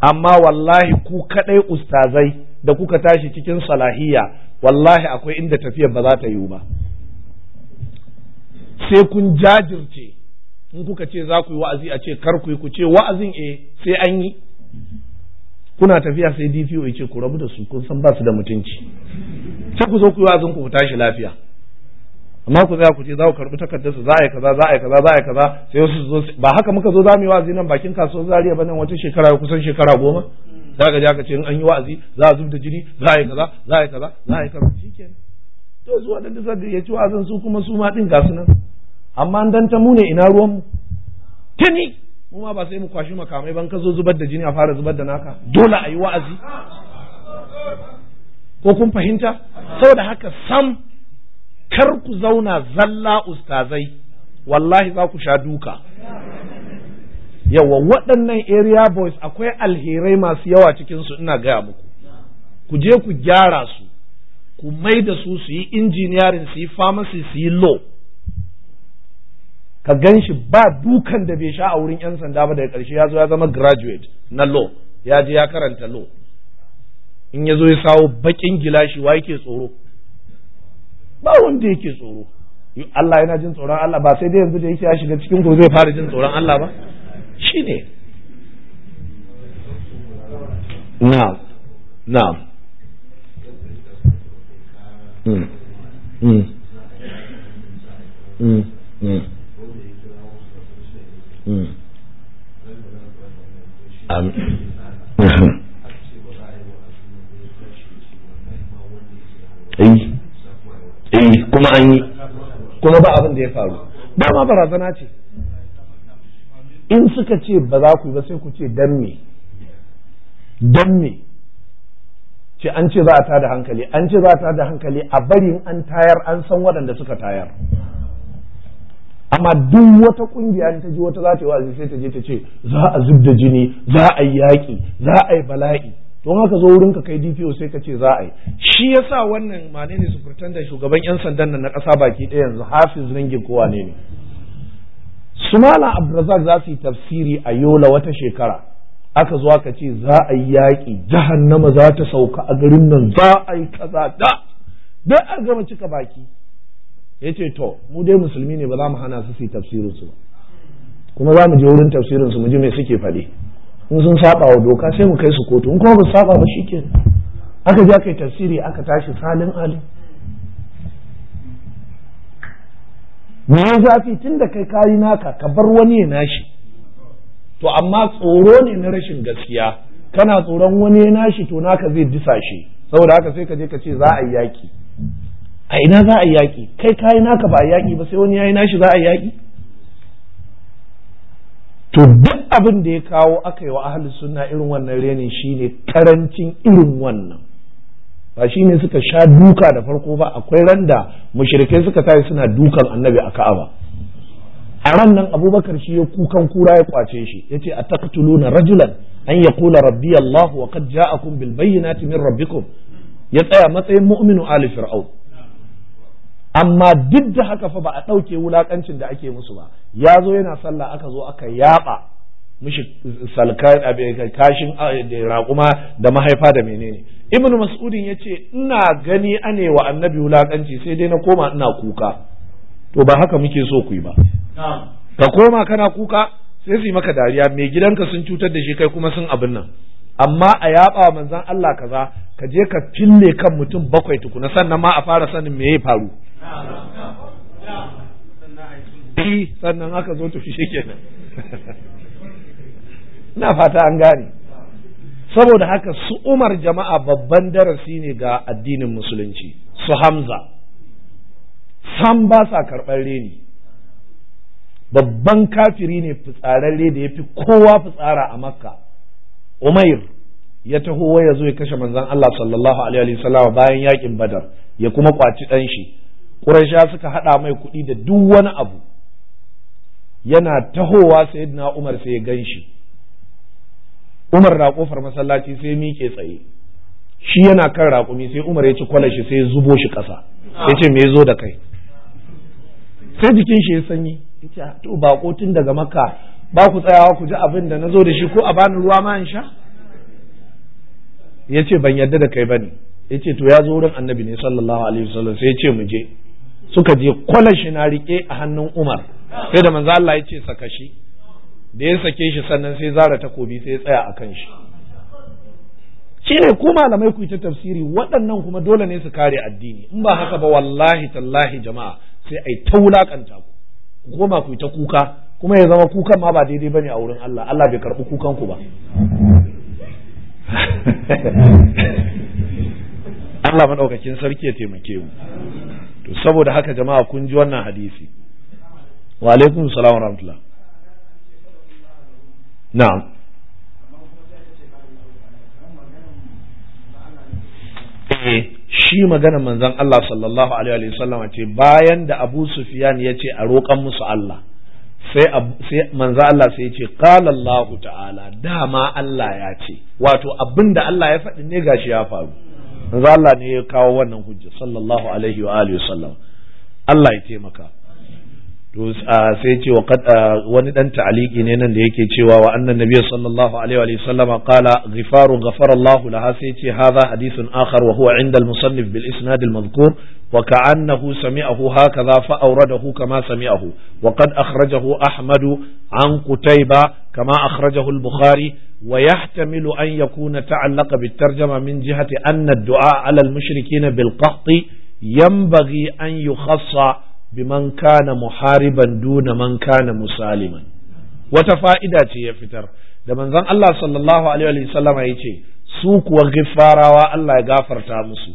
amma wallahi ku kaɗai ustazai da kuka tashi cikin salahiyya wallahi akwai inda tafiyar ba za ta yiwu ba sai kun jajirce in kuka ce za ku yi wa'azi a ce kar ku yi ku ce wa'azin e sai an yi kuna tafiya sai DPO ya ce ku rabu da su kun san ba su da mutunci sai ku zo ku yi wa'azin ku tashi lafiya amma ku tsaya ku ce za ku karbi takardar su za a yi kaza za a yi kaza za a yi kaza sai wasu zo ba haka muka zo za mu yi wa'azi nan bakin kasuwar Zariya ba nan wata shekara kusan shekara goma za ka ka ce in an yi wa'azi za a zubda jini za a yi kaza za a yi kaza za a yi kaza ke to zuwa da duk ya ci wa'azin su kuma su ma ɗin ga su nan amma an danta mu ne ina ruwan mu tuni mu ma ba sai mu kwashi makamai ban ka zo zubar da jini a fara zubar da naka dole a yi wa'azi ko kun fahimta da haka sam kar ku zauna zalla ustazai wallahi za ku sha duka yawa waɗannan area boys akwai alherai masu yawa cikinsu ina gaya muku ku je ku gyara su ku mai da su su yi engineering su yi pharmacy su yi law ka gan shi ba dukan da bai sha a wurin 'yan sanda ba daga ƙarshe ya zo ya zama graduate na law ya je ya karanta law in ya zo ya sawo baƙin gilashi wa yake tsoro ba wanda yake tsoro Allah yana jin tsoron Allah ba sai dai yanzu da yake ya shiga cikin ko zai fara jin tsoron Allah ba shi ne na na mm. Mm. Mm. kuma an yi kuma ba abin da ya faru ba ma barazana ce in suka ce ba za ku yi ba sai ku ce dan me dan me ce an ce za a tada hankali an ce za a tada hankali a barin an tayar an san waɗanda suka tayar amma duk wata kungiya ta ji wata za ta yi wa'azi sai ta je ta ce za a zub da jini za a yi yaƙi za a yi bala'i don haka zo wurin ka kai DPO sai ka ce za a yi shi yasa wannan ma ne sufurtan da shugaban yan sandan nan na ƙasa baki ɗaya yanzu hafiz ringin kowa ne ne su malam abdulrazak za su yi tafsiri a yola wata shekara aka zuwa ka ce za a yi yaƙi jahannama za ta sauka a garin nan za a yi kaza da da a gama cika baki ya ce to mu dai musulmi ne ba za mu hana su su yi tafsirin ba kuma za mu je wurin tafsirin su mu ji me suke faɗi in sun saba wa doka sai mu kai su kotu in kuma ba saba ba shikenan aka je aka yi tafsiri aka tashi salin alin me ya zafi tun da kai kayi naka ka bar wani ya nashi to amma tsoro ne na rashin gaskiya kana tsoron wani ya nashi to naka zai disashe saboda haka sai ka je ka ce za a yi yaki a ina za a yi yaki kai kayi naka ba a yaki ba sai wani ya yi nashi za a yi yaki to duk abin da ya kawo aka yi wa ahalus sunna irin wannan renin shine karancin irin wannan ba shi ne suka sha duka da farko ba akwai ran da mushrikai suka tashi suna dukan annabi a ka'aba a ran nan abubakar shi ya kukan kura ya kwace shi ya ce a taqtuluna rajulan an ya kula rabbi allahu wa kad ja'akum bil bayyinati min rabbikum ya tsaya matsayin mu'minu ali fir'aun amma duk da haka fa ba a ɗauke wulakancin da ake musu ba ya zo yana sallah aka zo aka yaba mishi salka kashin raƙuma da mahaifa da menene ibnu mas'udin ya ce ina gani ane wa annabi wulaƙanci sai dai na koma ina kuka to ba haka muke so ku yi ba ka koma kana kuka sai su yi maka dariya mai gidanka sun cutar da shi kai kuma sun abin nan amma a yaba manzan Allah kaza ka je ka fille kan mutum bakwai tukuna sannan ma a fara sanin me ya faru sannan aka zo tafi shi kenan *laughs* ina fata an gane saboda haka su umar jama'a babban darasi ne ga addinin musulunci su hamza sam ba sa karɓar reni babban kafiri ne fitsararre da ya fi kowa fitsara a makka umair ya taho ya zo ya kashe manzan Allah sallallahu alaihi wasallam bayan yakin badar ya kuma kwaci dan shi ƙuraisha suka haɗa mai kuɗi da duk wani abu yana tahowa sayyidina umar sai ya ganshi umar na kofar masallaci sai mike tsaye shi yana kan raƙumi sai umar ya ci kwalar shi sai zubo shi ƙasa ya ce me zo da kai sai jikin shi ya sanyi ya ce to bako tun daga Makka ba ku tsayawa ku ji abin da na zo da shi ko a bani ruwa ma in sha ya ban yarda da kai bane ya to ya zo wurin annabi ne sallallahu alaihi wasallam sai ya mu je suka je kwalashi na rike a hannun umar sai da manzo Allah ya ce saka shi da ya sake shi sannan sai zara takobi sai ya tsaya a kan shi shi ne ku malamai ku ta tafsiri waɗannan kuma dole ne su kare addini in ba haka ba wallahi tallahi jama'a sai ai ta wulakanta ku goma ku ta kuka kuma ya zama kukan ma ba daidai bane a wurin Allah Allah bai karɓi kukan ku ba *laughs* Allah maɗaukakin sarki ya taimake mu to saboda haka jama'a kun ji wannan hadisi wa alaikum salam wa rahmatullah na'am eh, shi maganar manzon Allah sallallahu alaihi wasallam ce bayan da Abu Sufyan ya ce a roƙan musu Allah sai manzon Allah sai ya ce qala Allah ta'ala dama Allah ya ce wato abinda Allah ya faɗi ne gashi ya faru manzon Allah ne ya kawo wannan hujja sallallahu alaihi wa alihi wasallam Allah ya taimaka to sai ce wani dan ta'aliki ne nan da yake cewa wa annan nabiy sallallahu alaihi wa sallama qala ghifaru ghafara Allahu laha sai ce hadha hadithun akhar wa huwa inda al-musannif bil isnad al-madhkur wa ka'annahu sami'ahu hakaza fa awradahu kama sami'ahu wa qad akhrajahu Ahmad an Qutayba kama akhrajahu al-Bukhari wa yahtamilu an yakuna ta'allaqa bit tarjama min jihati anna ad-du'a 'ala al-mushrikeena bil qahti yanbaghi an yukhassa biman kana muhariban duna man kana musaliman wata fa'ida ce ya fitar da manzon Allah sallallahu alaihi wa sallama ya ce su kuwa gifarawa Allah ya gafarta musu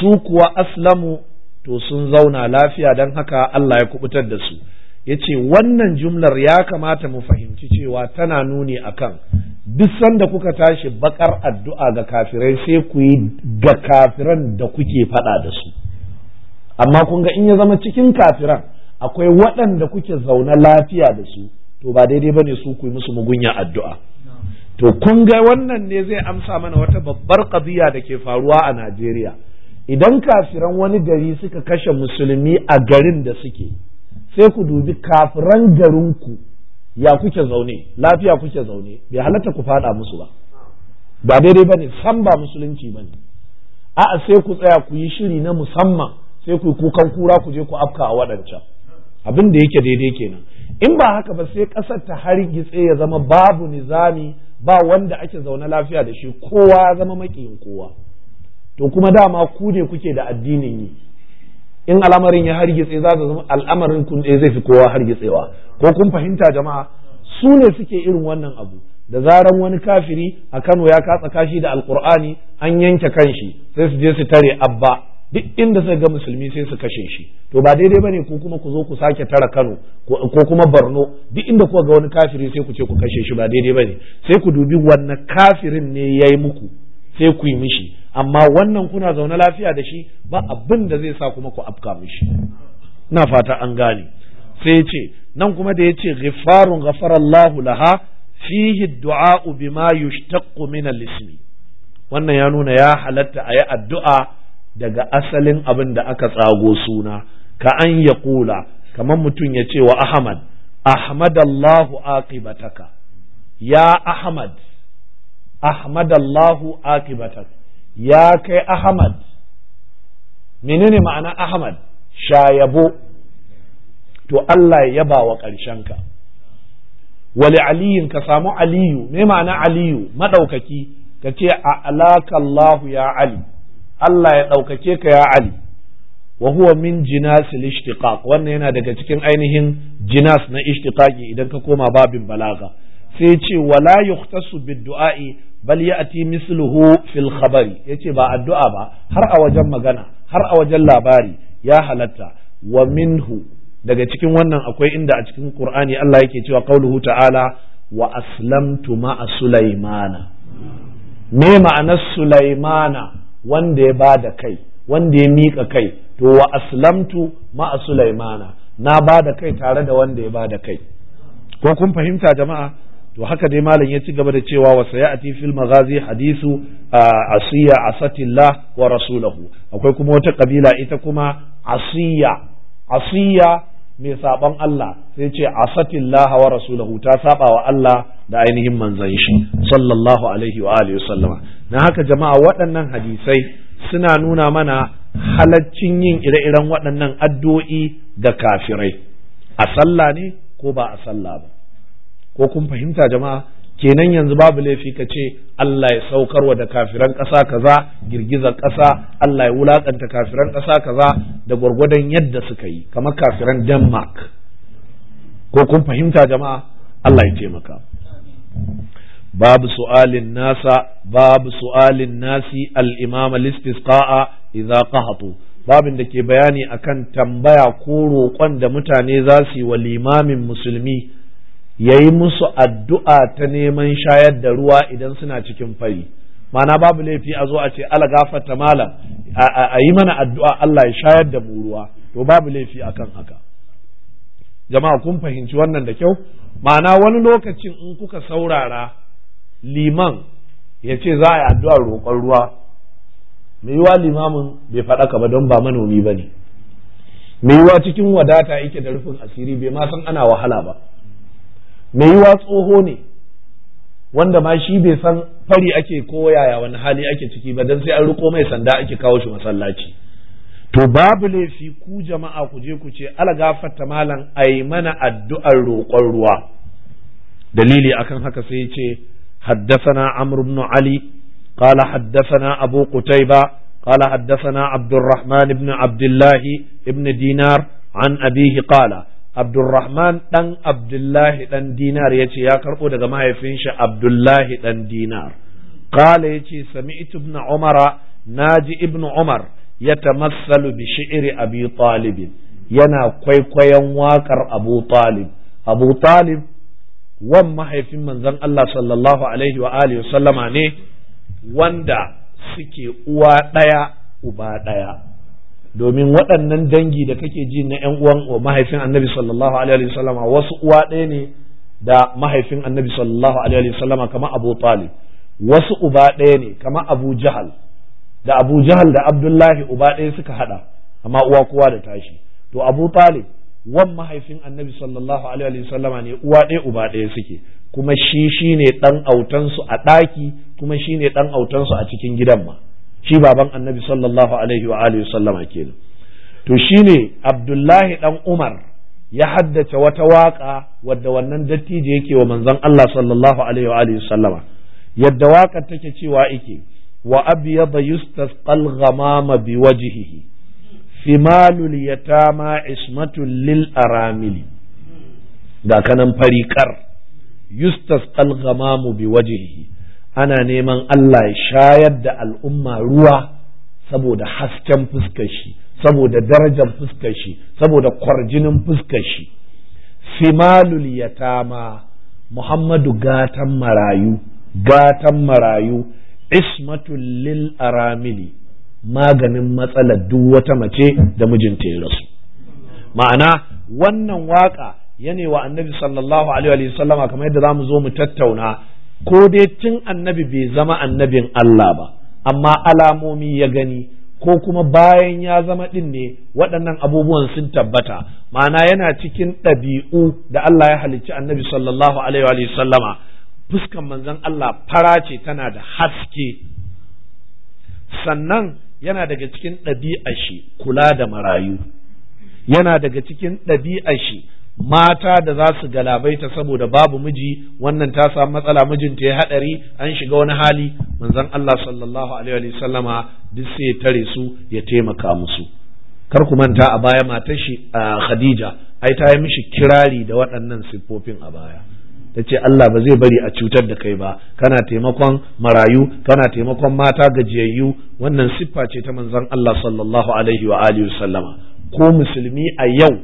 su kuwa aslamu to sun zauna lafiya don haka Allah ya kubutar da su ya ce wannan jumlar ya kamata mu fahimci cewa tana nuni akan duk da kuka tashi bakar addu'a ga kafirai sai ku yi ga kafiran da kuke faɗa da su amma kun ga in ya zama cikin kafiran akwai waɗanda kuke zauna lafiya da su to ba daidai ba ne su ku yi musu mugunya addu'a to kun ga wannan ne zai amsa mana wata babbar ƙabiya da ke faruwa a Najeriya idan kafiran wani gari suka kashe musulmi a garin da suke sai ku dubi kafiran garin ku ya kuke zaune lafiya kuke zaune bai halatta ku fada musu ba ba daidai ba ne san ba musulunci ba ne a'a sai ku tsaya ku yi shiri na musamman sai ku kukan kura ku je ku afka a waɗancan abin da yake daidai kenan in ba haka ba sai ƙasar ta har gitse ya zama babu nizami ba wanda ake zaune lafiya da shi kowa ya zama makiyin kowa to kuma dama ku ne kuke da addinin yi in al'amarin ya gitse za zama al'amarin kun eh, zai fi kowa hargitsewa ko kun fahimta jama'a su ne suke irin wannan abu da zaran wani kafiri a Kano ya katsa kashi da alkur'ani an yanke kanshi sai su je su tare abba duk inda suka ga musulmi sai su kashe shi to ba daidai bane ko kuma ku zo ku sake tara Kano ko kuma Borno duk inda kuka ga wani kafiri sai ku ce ku kashe shi ba daidai bane sai ku dubi wannan kafirin ne yayi muku sai ku yi mishi amma wannan kuna zaune lafiya da shi ba abin da zai sa kuma ku afka mishi ina fata an gane sai ce nan kuma da yace ghifarun ghafarallahu laha fihi du'a bima yushtaqqu min al-ismi wannan ya nuna ya halatta ayi addu'a daga asalin abin da aka tsago suna ka an ya kula kamar mutum ya ce wa ahmad Ahmad Allahu aqibataka ya ahmad Ahmad Allahu aqibataka ya kai ahmad menene ma'ana ahmad shayabo to Allah ya yaba wa ƙarshenka wali aliyin ka samu aliyu me ma'ana aliyu maɗaukaki ka ce a alakallahu ya ali Allah ya ɗaukake ka ya Ali wa huwa min jinas ishtiqaq wannan yana daga cikin ainihin jinas na ishtiqaqi idan ka koma babin balaga sai ce wala yuhtasu bid-du'a'i bal ya'ti misluhu fil khabari yace ba addu'a ba har a wajen magana har a wajen labari ya halatta wa minhu daga cikin wannan akwai inda a cikin Qur'ani Allah yake cewa qauluhu ta'ala wa aslamtu ma'a Sulaimana me ma'anar Sulaimana wanda ya ba da kai wanda ya miƙa kai to wa aslamtu ma'a sulaimana na ba da kai tare da wanda ya ba da kai ko kun fahimta jama'a to haka dai malam ya ci gaba da cewa wa sayati fil maghazi hadisu asiya asatillah wa rasulahu akwai kuma wata kabila ita kuma asiya asiya mai saban Allah sai ce asatillah wa rasulahu ta saba wa Allah da ainihin manzon shi sallallahu alaihi wa alihi sallama na haka jama'a waɗannan hadisai suna nuna mana halaccin yin ire-iren waɗannan addu'o'i da kafirai a sallah ne ko ba a sallah ba ko kun fahimta jama'a kenan yanzu babu laifi ka ce Allah ya saukar wa da kafiran ƙasa kaza girgizar ƙasa Allah ya wulaƙanta kafiran ƙasa kaza da gwargwadon yadda suka yi kamar kafiran Denmark ko kun fahimta jama'a Allah ya taimaka babu su'alin nasa babu su'alin nasi al الاستسقاء اذا istisqaa باب ان babin da ke bayani akan tambaya ko roƙon da mutane za su yi wa limamin musulmi ya musu addu'a ta neman shayar da ruwa idan suna cikin fari mana babu laifi a zo a ce ala ta malam a yi mana addu'a Allah ya shayar da mu ruwa to babu laifi akan haka jama'a kun fahimci wannan da kyau ma'ana wani lokacin in kuka saurara liman ya ce za a yi addu'ar roƙon ruwa mai yiwa limamin bai faɗaka ba don ba manomi ba ne mai yiwa cikin wadata yake da rufin asiri bai ma san ana wahala ba mai yiwa tsoho ne wanda ma shi bai san fari ake ko yaya wani hali ake ciki ba don sai an riko mai sanda ake kawo shi masallaci to babu laifi ku jama'a ku je ku ce algafatta malam ai mana addu'ar roƙon ruwa dalili akan haka sai ya ce حدثنا عمرو بن علي قال حدثنا أبو قتيبة قال حدثنا عبد الرحمن بن عبد الله بن دينار عن أبيه قال عبد الرحمن دن عبد الله دن دينار يتي يا كربو daga mahaifinshi عبد الله دن دينار قال يتي سمعت ابن عمر ناجي ابن عمر يتمثل بشعر أبي طالب yana kwaikwayon waƙar Abu Talib Abu Talib wan mahaifin manzon Allah sallallahu alaihi wa alihi sallama ne wanda suke uwa ɗaya uba ɗaya domin waɗannan dangi da kake ji na ƴan uwan wa mahaifin annabi sallallahu alaihi wa sallama wasu uwa ɗaya ne da mahaifin annabi sallallahu alaihi wa sallama kamar Abu Talib wasu uba ɗaya ne kamar Abu Jahal da Abu Jahal da Abdullahi uba ɗaya suka hada amma uwa kowa da tashi to Abu Talib wan mahaifin annabi sallallahu alaihi wa sallama ne uwa ɗaya uba ɗaya suke kuma shi shine autan autansu a ɗaki kuma shine autan autansu a cikin gidan ma shi baban annabi sallallahu alaihi wa alihi sallama kenan to shine abdullahi dan umar ya haddace wata waka wadda wannan dattijo yake wa manzon Allah sallallahu alaihi wa alihi sallama yadda wakar take cewa yake wa abyada yustasqal ghamama biwajhihi thimalul yatama ismatul lil aramili ga kanan farikar yustas alghamamu bi wajhihi ana neman Allah ya shayar da al'umma ruwa saboda hasken fuskar shi saboda darajar fuskar shi saboda kwarjinin fuskar shi simalul yatama Muhammadu gatan marayu gatan marayu ismatul lil aramili maganin matsalar duk wata mace da mijinta ya rasu ma'ana wannan waka yane wa annabi sallallahu alaihi wa sallama kamar yadda zamu zo mu tattauna ko dai tun annabi bai zama annabin Allah ba amma alamomi ya gani ko kuma bayan ya zama ɗin ne waɗannan abubuwan sun tabbata ma'ana yana cikin ɗabi'u da Allah ya halicci annabi sallallahu alaihi wa sallama fuskan manzon Allah fara ce tana da haske sannan yana daga cikin ɗabi'ar shi kula da marayu yana daga cikin ɗabi'ar shi mata da za su galabaita saboda babu miji wannan ta samu matsala mijinta ya haɗari an shiga wani hali manzon Allah sallallahu alaihi wa sallama duk sai ya tare su ya taimaka musu kar ku manta a baya matar shi Khadija ai ta yi mishi kirari da waɗannan siffofin a baya ta ce Allah ba zai bari a cutar da kai ba kana taimakon marayu kana taimakon mata gajiyayyu wannan siffa ce ta manzon Allah sallallahu alaihi wa alihi sallama ko musulmi a yau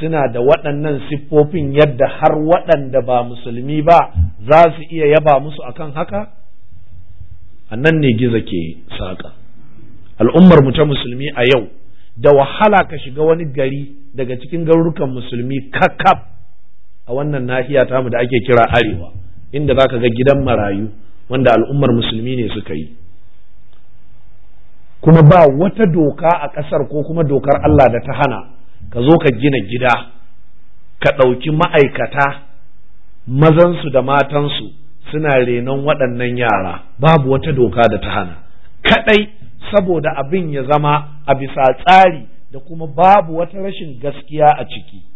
suna da waɗannan siffofin yadda har waɗanda ba musulmi ba za su iya yaba musu akan haka annan ne giza ke saƙa al'ummar mu ta musulmi a yau da wahala ka shiga wani gari daga cikin garurukan musulmi kakaf a wannan nahiya tamu da ake kira arewa inda zaka ga gidan marayu wanda al'ummar musulmi ne suka yi kuma ba wata doka a ƙasar ko kuma dokar Allah da ta hana ka zo ka gina gida ka ɗauki ma'aikata mazansu da matansu suna renon waɗannan yara babu wata doka da ta hana kaɗai saboda abin ya zama a bisa tsari da kuma babu wata rashin gaskiya a ciki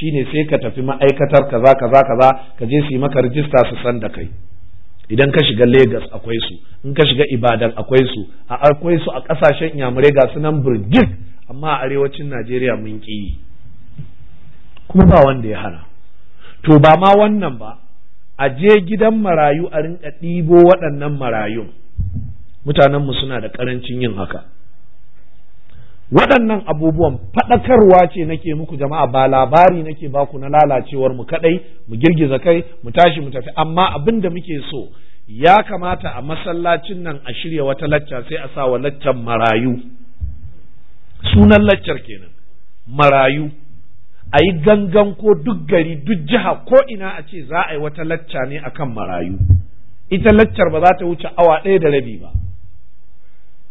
shine sai ka tafi ma'aikatar kaza kaza kaza ka je su yi maka rijista su san da kai idan ka shiga Legas akwai su in ka shiga Ibadan akwai su a akwai su a kasashen inyamurai ga su nan birgin amma a arewacin Najeriya mun ki kuma ba wanda ya hana to ba ma wannan ba a je gidan marayu a rinka ɗibo waɗannan marayun mutanenmu suna da ƙarancin yin haka waɗannan abubuwan faɗakarwa ce nake muku jama'a ba labari nake ku na lalacewar mu kaɗai mu girgiza kai mu tashi mu tafi amma abin da muke so ya kamata a masallacin nan a shirya wata lacca sai a sa wa laccan marayu sunan laccar kenan marayu a yi gangan ko duk gari duk jiha ko ina a ce za a yi wata lacca ne akan marayu ita laccar ba za ta wuce awa ɗaya da rabi ba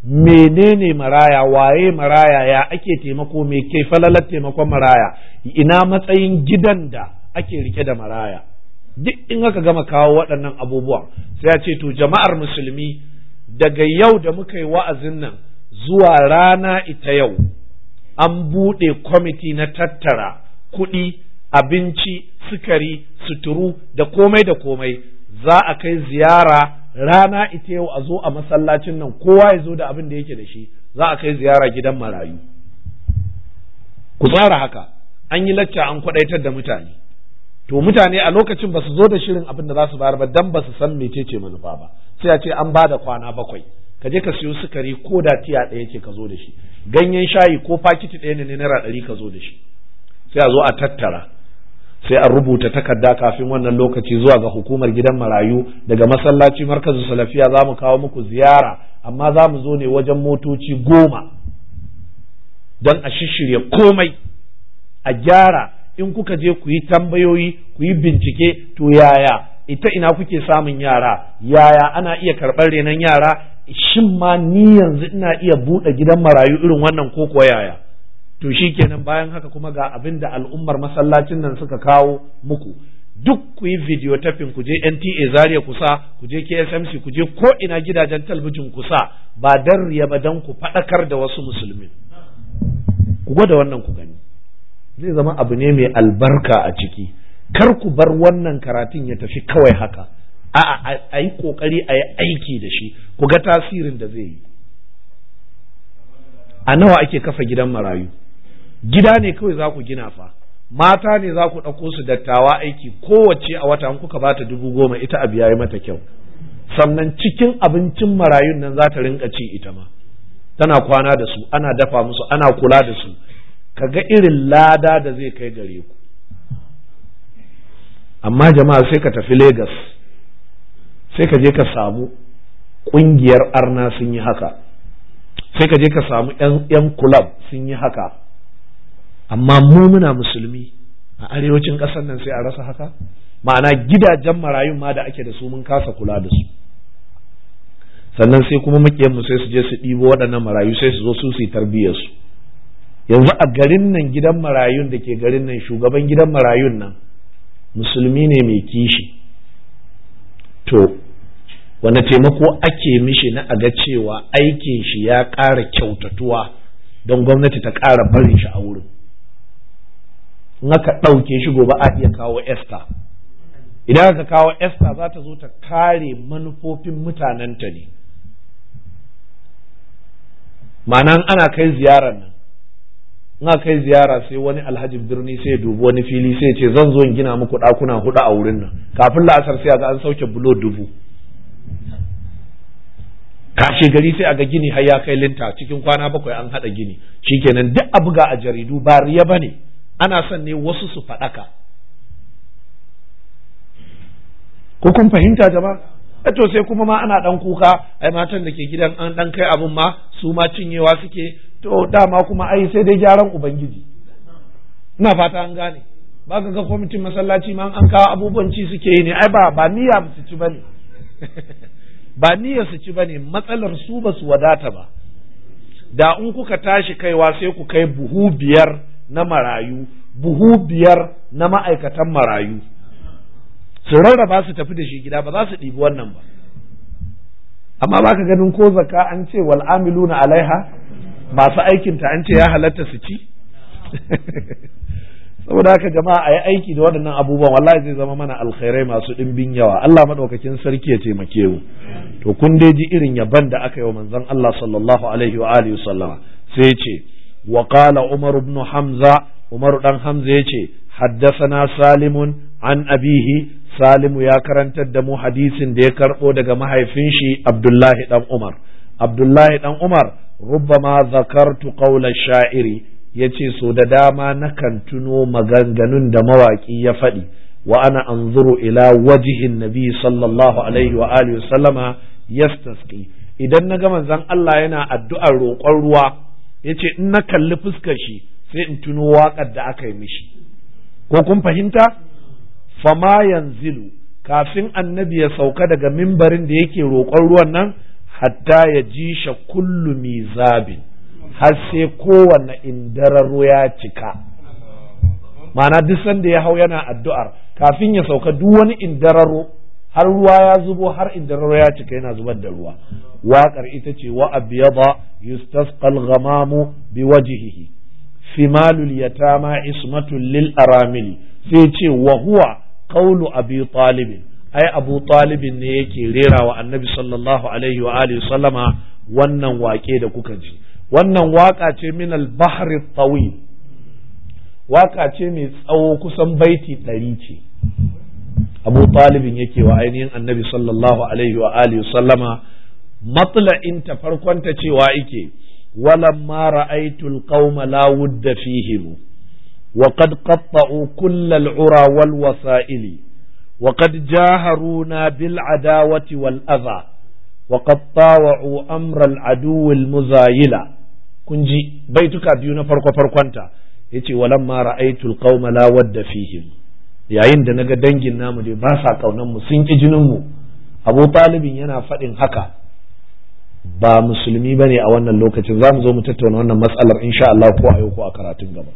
menene maraya waye maraya ya ake taimako mai ke falalar taimakon maraya ina matsayin gidan da ake rike da maraya duk in aka gama kawo waɗannan abubuwan sai ya ce to jama'ar musulmi daga yau da muka yi wa'azin nan zuwa rana ita yau an buɗe kwamiti na tattara kuɗi abinci sukari suturu da komai da komai za a kai ziyara rana ita yau a zo a masallacin nan kowa ya zo da abin da yake da shi za a kai ziyara gidan marayu ku tsara haka an yi lacca an kwadaitar da mutane to mutane a lokacin ba su zo da shirin abin da za su bayar ba dan ba su san mecece manufa ba sai a ce an ba da kwana bakwai ka je ka siyo sukari ko da tiya ɗaya ce ka zo da shi ganyen shayi ko fakiti ɗaya ne naira ɗari ka zo da shi sai a zo a tattara sai an rubuta takarda kafin wannan lokaci zuwa ga hukumar gidan marayu daga masallaci markazu salafiya za mu kawo muku ziyara amma za mu zo ne wajen motoci goma don a shishirya komai a gyara in kuka je ku yi tambayoyi ku yi bincike to yaya ita ina kuke samun yara yaya ana iya karɓar renon yara shin ma ni yanzu ina iya buɗe gidan marayu irin wannan ko yaya to kenan bayan haka kuma ga abin da al'ummar masallacin nan suka kawo muku duk ku yi video tafin ku je NTA Zaria kusa ku je KSMC ku je ko ina gidajen talbijin kusa ba dan riya ba dan ku fadakar da wasu musulmi ku gwada wannan ku gani zai zama abu ne mai albarka a ciki kar ku bar wannan karatun ya tafi kawai haka a'a a yi kokari a yi aiki da shi ku ga tasirin da zai yi a nawa ake kafa gidan marayu gida ne kawai za ku gina fa mata ne za ku ɗauko su dattawa aiki kowace a wata kuka ba ta dubu goma ita abu yayi mata kyau sannan cikin abincin marayun nan za ta rinka ci ita ma tana kwana da su ana dafa musu ana kula da su ka ga irin lada da zai kai gare ku amma jama'a sai ka tafi Legas sai ka je ka samu ƙungiyar arna sun yi haka sai ka je ka samu 'yan kulab sun yi haka amma mu muna musulmi a arewacin ƙasar nan sai a rasa haka ma'ana gidajen marayun ma da ake da su mun kasa kula da su sannan sai kuma makiyanmu sai su je su ɗibo waɗannan marayu sai su zo su su tarbiyyar su yanzu a garin nan gidan marayun da ke garin nan shugaban gidan marayun nan musulmi ne mai kishi to wanda taimako ake mishi na aga cewa aikin shi ya ƙara kyautatuwa don gwamnati ta ƙara barin shi a wurin naka ɗauke shi gobe a iya kawo esta idan aka kawo esta za ta zo ta kare manufofin mutanenta ne ma'anan ana kai ziyarar nan in aka kai ziyara sai wani alhaji birni sai ya dubi wani fili sai ce zan zo in gina muku ɗakuna hudu a wurin nan kafin la'asar sai a ga an sauke bulo dubu kashe gari sai a ga gini har ya kai linta cikin kwana bakwai an haɗa gini shi shikenan duk a buga a jaridu ba riya ba ne. ana son ne wasu su faɗaka ko kun fahimta jama'a eh to sai kuma ma ana ɗan kuka ai matan da ke gidan an ɗan kai abin ma su ma cinyewa suke to dama kuma ai sai dai gyaran ubangiji ina fata an gane ba ga kwamitin masallaci ma an kawo abubuwan ci suke yi ne ai ba ba niyya su ci bane *laughs* ba niyya su ci bane matsalar su ba su wadata ba da in kuka tashi kaiwa sai ku kai buhu biyar na marayu buhu biyar na ma'aikatan marayu su rarraba su tafi da shi gida ba za su ɗibi wannan ba amma ba ka ganin ko zaka an ce wal amiluna alaiha masu aikinta an ce ya halatta su ci *laughs* saboda haka jama'a a yi aiki da waɗannan abubuwan wallahi zai zama mana alkhairai masu ɗimbin yawa Allah maɗaukakin sarki ya taimake mu to kun dai ji irin yaban da aka yi wa manzon Allah sallallahu alaihi wa alihi sallama sai ce wa qala umar ibn hamza umar dan hamza yace na salimun an abihi salimu ya karantar da mu hadisin da ya karɓo daga mahaifin shi abdullahi dan umar abdullahi dan umar rubbama zakar qawla sha'iri yace sau da dama nakan tuno maganganun da mawaƙi ya faɗi Wa'ana anzuru ila wajihin nabi sallallahu alaihi wa sallama idan na ga manzon Allah yana addu'ar roƙon ruwa ya ce in na kalli fuskar shi sai in tuno waƙar da aka yi mishi ko kun fahimta fama yanzilu kafin annabi ya sauka daga mimbarin da yake roƙon ruwan nan hatta ya ji sha kullu mizabin har sai kowanne indararo ya cika ma'ana duk sanda ya hau yana addu'ar kafin ya sauka duk wani indararo har ruwa ya zubo har inda rawa ya cika yana zubar da ruwa waƙar ita ce wa abyada yustasqal ghamamu Simalul fimalul yatama ismatul lil aramili sai ce wa huwa qawlu abi talib ai abu talib ne yake rera wa annabi sallallahu alaihi wa alihi sallama wannan waƙe da kuka ji wannan waƙa ce min al bahri tawil waƙa ce mai tsawo kusan baiti ɗari ce abu talibin yake wa ainihin annabi sallallahu alaihi wa alihi sallama matla'inta farkonta cewa ike walamma ra'aytul qauma la wudda fihim wa qad qatta'u kullal ura wal wasa'ili wa qad jaharuna bil adawati wal adha wa qad tawa'u amra al adu al muzayila kunji baituka biyu na farko farkonta yace walamma ra'aytul qauma la wudda fihim yayin da naga dangin namu dai ba sa kaunan mu sun ki jinin mu Abu Talibin yana faɗin haka ba musulmi bane a wannan lokacin za mu zo mu tattauna wannan matsalar insha Allah ko a ko a karatun gaba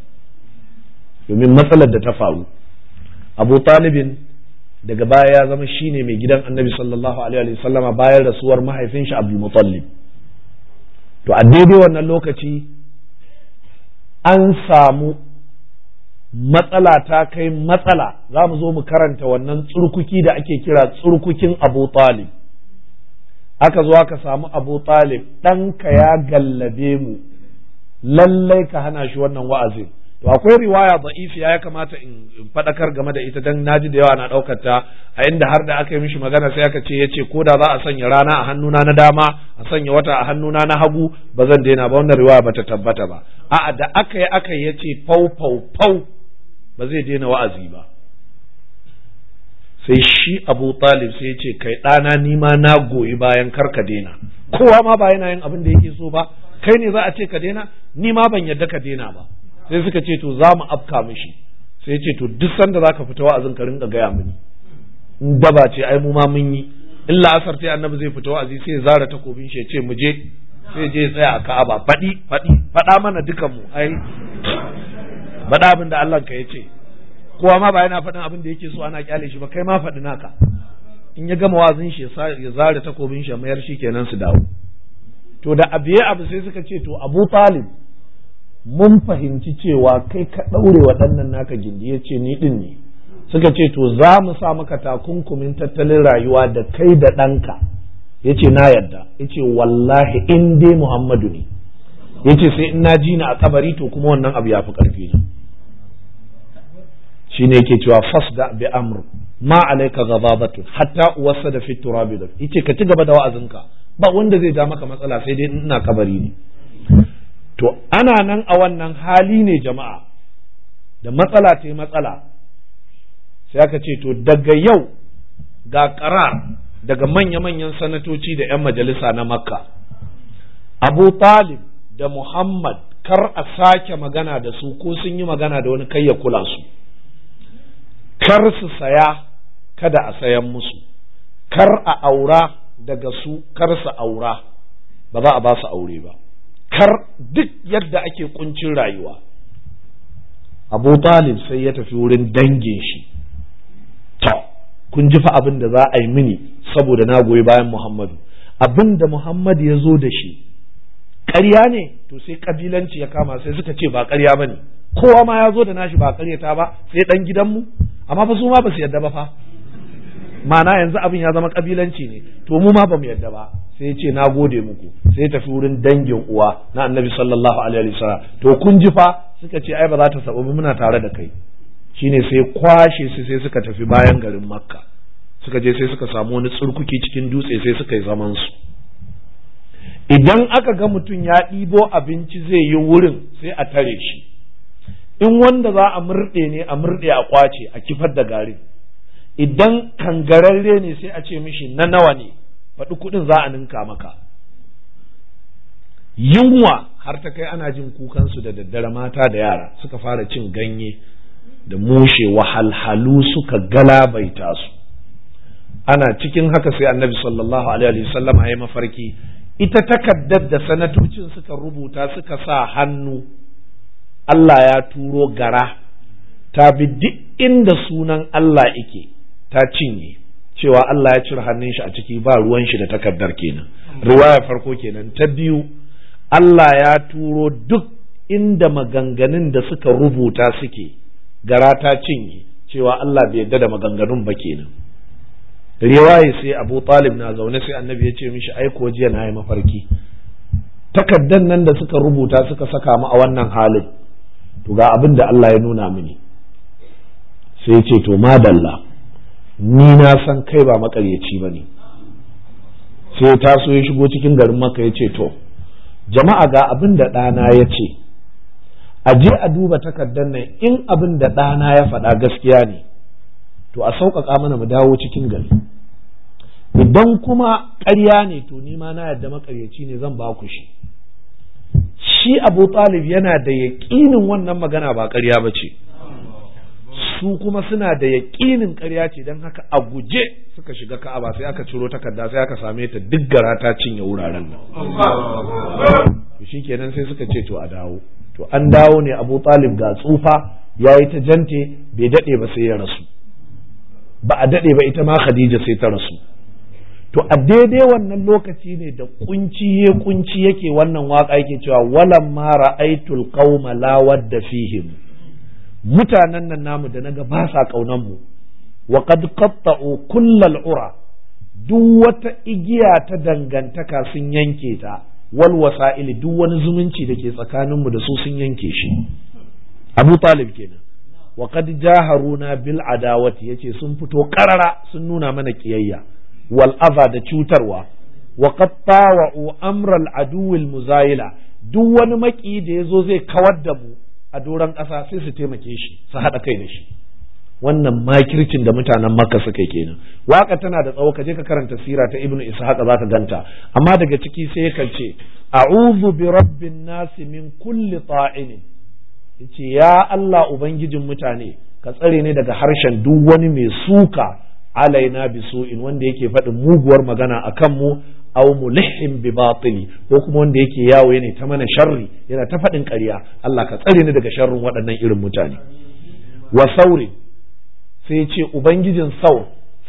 domin matsalar da ta faru Abu Talibin daga baya ya zama shine mai gidan Annabi sallallahu alaihi wa sallama bayan rasuwar mahaifin shi Abdul Muttalib to a daidai wannan lokaci an samu matsala ta kai matsala za mu zo mu karanta wannan tsurkuki da ake kira tsurkukin abu talib aka zo aka samu abu talib ɗanka ya gallabe mu lallai ka hana shi wannan wa'azin to akwai riwaya ifiya ya kamata in faɗakar game da ita dan naji da yawa na ɗaukar ta a inda har da aka yi mishi magana sai aka ce yace ko da za a sanya rana a hannuna na dama a sanya wata a hannuna na hagu ba zan daina ba wannan riwaya bata tabbata ba a'a da aka yi aka yace fau fau fau ba zai daina wa'azi ba sai shi abu talib sai ya ce kai ɗana ni ma na goyi bayan kar ka daina kowa ma ba yana yin abin da yake so ba kai ne za a ce ka daina ni ma ban yarda ka daina ba sai suka ce to za mu afka mishi sai ya ce to duk sanda za ka fita wa'azin ka rinka gaya mini in daba ce ai mu ma mun yi in la'asar ta annabi zai fita wa'azi sai zara takobin shi ya ce mu je sai je tsaya a ka'aba faɗi faɗi faɗa mana dukanmu ai faɗa abin da Allah ka ya ce kowa ma ba yana faɗin abin da yake so ana kyale shi ba kai ma faɗi naka in ya gama wazin shi ya zare takobin shi mayar shi kenan su dawo to da abiye abu sai suka ce to Abu Talib mun fahimci cewa kai ka ɗaure waɗannan naka gindi ya ce ni ɗin ne suka ce to za mu sa maka takunkumin tattalin rayuwa da kai da ɗanka ya ce na yarda ya ce wallahi in dai Muhammadu ne ya ce sai in na ji ni a kabari to kuma wannan abu ya fi ƙarfi ne Shi ne yake cewa fas da bi amru ma gaba ghadabatu hatta wasada fi turabi da yace ka ci gaba da wa'azinka ba wanda zai ja maka matsala sai dai ina kabari ne to ana nan a wannan hali ne jama'a da matsala ce matsala sai aka ce to daga yau ga kara daga manya-manyan sanatoci da 'yan majalisa na makka abu talib da muhammad kar a sake magana da su ko sun yi magana da wani kai ya kula su kar su saya kada a sayan musu kar a aura daga su kar su aura ba za a ba su aure ba kar duk yadda ake kuncin rayuwa abu talib sai ya tafi wurin dangin shi to kun ji fa abin da za a yi mini saboda na goyi bayan muhammadu abin da muhammadu ya zo da shi ƙarya ne to sai kabilanci ya kama sai suka ce ba ƙarya ba ne kowa ma ya zo da nashi ba ƙaryata ba sai ɗan gidanmu amma fa su ma ba su yadda ba fa ma'ana yanzu abin ya zama kabilanci ne to mu ma ba mu yadda ba sai ya ce na gode muku sai tafi wurin dangin uwa na annabi sallallahu alaihi wasallam to kun ji fa suka ce ai ba za ta saba ba muna tare da kai shine sai kwashe su sai suka tafi bayan garin makka suka je sai suka samu wani tsurkuki cikin dutse sai suka yi zaman su idan aka ga mutum ya ɗibo abinci zai yi wurin sai a tare shi in wanda za a murɗe ne a murɗe a kwace a kifar da garin idan kangararre ne sai a ce mishi na nawa ne faɗi kuɗin za a ninka maka yunwa har ta kai ana jin kukansu da daddare mata da yara suka fara cin ganye da mushe wahalhalu suka galabaita su ana cikin haka sai annabi sallallahu alaihi wasallam ya mafarki ita takaddar da sanatocin suka rubuta suka sa hannu Allah ya turo gara ta bi duk inda sunan Allah ike ta cinye cewa Allah ya cire hannun shi a ciki ba ruwan shi da takardar kenan riwaya farko kenan ta biyu Allah ya turo duk inda maganganun da suka rubuta suke gara ta cinye cewa Allah bai yarda da maganganun ba kenan riwaya sai Abu Talib na zaune sai Annabi ya ce mishi ai ko jiya na yi mafarki takardar nan da suka rubuta suka saka mu a wannan halin to ga abin da Allah ya nuna mini sai ce to madalla ni na san kai ba makaryaci ba ne sai ya taso ya shigo cikin garin maka ya ce to jama'a ga abin da ɗana ya ce a je a duba takardar nan in abin da ɗana ya faɗa gaskiya ne to a sauƙaƙa mana mu dawo cikin gari idan kuma ƙarya ne to ni ma na yarda makaryaci ne zan ba ku shi shi abu talib yana da yaƙinin wannan magana ba ƙarya ba ce su kuma suna da yaƙinin ƙarya ce don haka a guje suka shiga ka'aba sai aka ciro takarda sai aka same ta duk gara ta cinye wuraren nan shi kenan sai suka ce to a dawo to an dawo ne abu talib ga tsufa ya yi ta jante bai daɗe ba sai ya rasu ba a daɗe ba ita ma khadija sai ta rasu to a daidai wannan lokaci ne da kunciye kunci yake wannan waka yake cewa walam ma ra'aitul qauma la wadda fihim mutanen nan namu da naga ba sa kaunan mu wa qad qatta'u kullal ura duk wata igiya ta dangantaka sun yanke ta wal wasa'il duk wani zumunci da ke tsakanin mu da su sun yanke shi Abu Talib kenan wa qad jaharuna bil adawati yace sun fito karara sun nuna mana kiyayya wal da cutarwa wa qad amral amra al aduwil muzayila duk wani maki da ya zo zai kawar da mu a doron ƙasa sai su taimake shi su haɗa kai da shi wannan makircin da mutanen makka suka kenan waka tana da tsawo ka je ka karanta sira ta ibnu ishaq za ka ganta amma daga ciki sai ka ce a'udhu bi rabbin nasi min kulli ta'in yace ya Allah ubangijin mutane ka tsare ne daga harshen duk wani mai suka alaina bisu'in wanda yake faɗin muguwar magana a kanmu aw mulhim bi batili ko kuma wanda yake yawo yana ta mana sharri yana ta faɗin ƙarya Allah ka tsare ni daga sharrin waɗannan irin mutane wa sauri sai ya ce ubangijin saur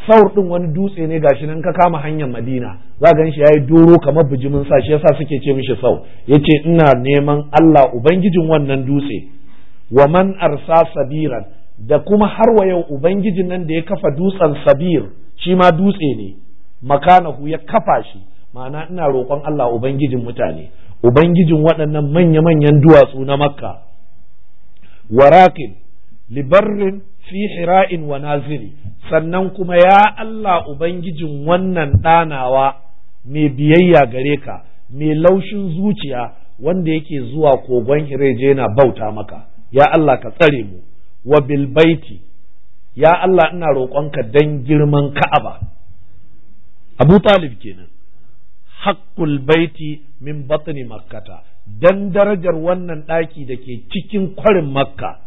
saur din wani dutse ne gashi nan ka kama hanyar Madina za gan shi yayi doro kamar bijimin sa shi yasa suke ce mishi saur yace ina neman Allah ubangijin wannan dutse wa man arsa sabiran da kuma har wa yau ubangijin nan da ya kafa dutsen sabir shi ma dutse ne makanahu ya kafa shi ma'ana ina roƙon Allah ubangijin mutane ubangijin waɗannan manya-manyan duwatsu na makka warakin libarrin fi hira'in wa naziri sannan kuma ya Allah ubangijin wannan ɗanawa mai biyayya gare ka mai laushin zuciya wanda yake zuwa kogon hireje yana bauta maka ya Allah ka tsare mu wa bil baiti ya Allah ina roƙonka dan girman Ka'aba Abu Talib kenan haqqul baiti min batni makkata dan darajar wannan ɗaki da ke cikin kwarin makka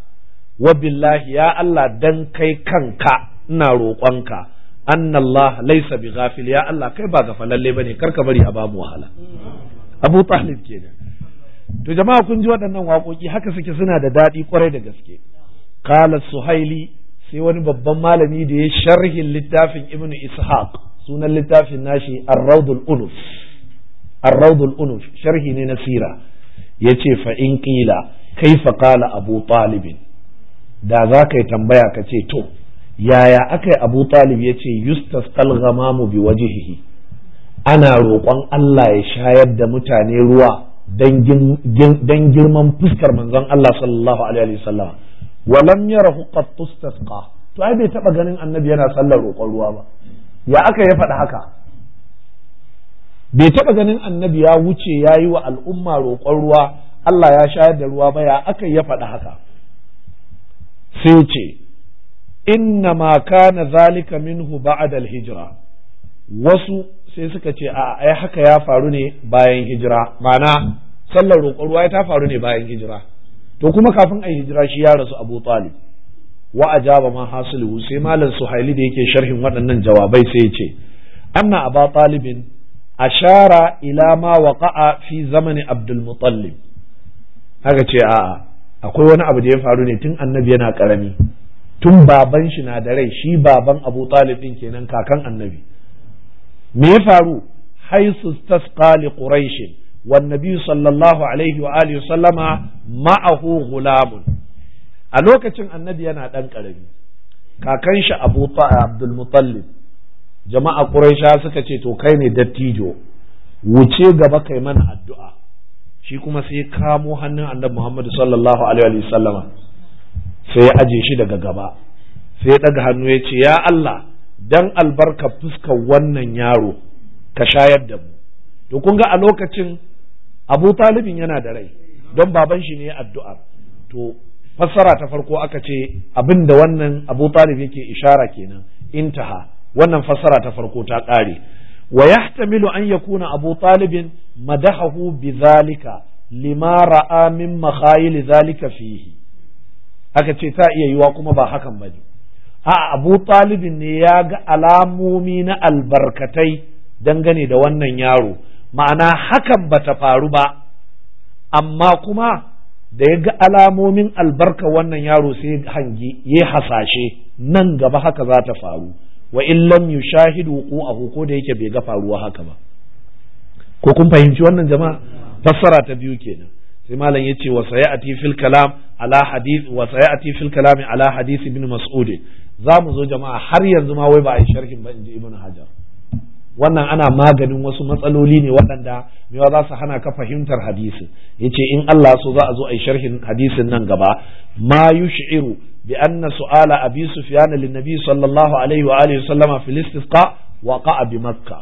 wa billahi ya Allah dan kai kanka ina roƙonka annallah laisa bi ghafil ya Allah kai ba gafalalle bane karka bari a bamu wahala Abu Talib kenan to jama'a kun ji waɗannan waƙoƙi haka suke suna da daɗi kwarai da gaske qala suhaili sai wani babban malami da ya sharhin littafin ibn ishaq sunan littafin nashi ar-rawdul unuf ar-rawdul unuf sharhi ne na sira yace fa in qila kaifa qala abu talib da za ka yi tambaya ka ce to yaya aka yi abu talib ya ce yustas kalgamamu bi wajihihi ana roƙon Allah ya shayar da mutane ruwa don girman fuskar manzon Allah sallallahu alaihi wasallam wa lam yarahu qad tustasqa to ai bai taba ganin annabi yana sallar roƙon ruwa ba ya aka ya faɗi haka bai taba ganin annabi ya wuce ya yi wa al'umma roƙon ruwa Allah ya shayar da ruwa ba ya aka ya faɗi haka sai ce inna ma kana zalika minhu ba'da al-hijra wasu sai suka ce a ai haka ya faru ne bayan hijira ma'ana sallar roƙon ruwa ta faru ne bayan hijira to kuma kafin a hijira shi ya rasu abu talib wa ajaba ma hasilu sai malam suhaili da yake sharhin waɗannan jawabai sai ya ce anna aba talibin ashara ila ma waqa'a fi zamani abdul muttalib haka ce a'a akwai wani abu da ya faru ne tun annabi yana karami tun baban shi na da rai shi baban abu talib din kenan kakan annabi me ya faru haisu tasqa li quraish wan nabi sallallahu alaihi wa alihi sallama ma'ahu a lokacin annabi yana ɗan karami kakan shi Abu Abdul Muttalib jama'a ƙuraisha suka ce to kai ne dattijo wuce gaba kai mana addu'a shi kuma sai kamo hannun annabi Muhammadu sallallahu alaihi wa sallama sai ya aje shi daga gaba sai ya ɗaga hannu ya ce ya Allah dan albarka fuskar wannan yaro ka shayar da mu to kun ga a lokacin abu talibin yana da rai don baban shi ne addu'a to fassara ta farko aka ce abin da wannan abu talib yake ishara kenan intaha wannan fassara ta farko ta ƙare wa yahtamilu an yakuna abu talibin madahahu bi zalika lima ra'a min makhayil zalika fihi aka ce ta iya yiwa kuma ba hakan ne. a abu talibin ne ya ga alamomi na albarkatai dangane da wannan yaro ma'ana hakan ba ta faru ba amma kuma da ya ga alamomin albarka wannan yaro sai hangi ya hasashe nan gaba haka za ta faru wa illam yushahidu a ko da yake bai ga faruwa haka ba ko kun fahimci wannan jama'a fassara ta biyu kenan sai malam yace wa sayati fil kalam ala hadith wa sayati fil kalam ala hadith ibn mas'ud za mu zo jama'a har yanzu ma wai ba a yi sharhin ba inji ibn hajar wannan ana maganin wasu matsaloli ne waɗanda mewa za su hana ka fahimtar hadisin yace in Allah so za a zo a yi sharhin hadisin nan gaba ma yush'iru bi anna su'ala abi sufyan lin nabi sallallahu alaihi wa alihi sallama bi za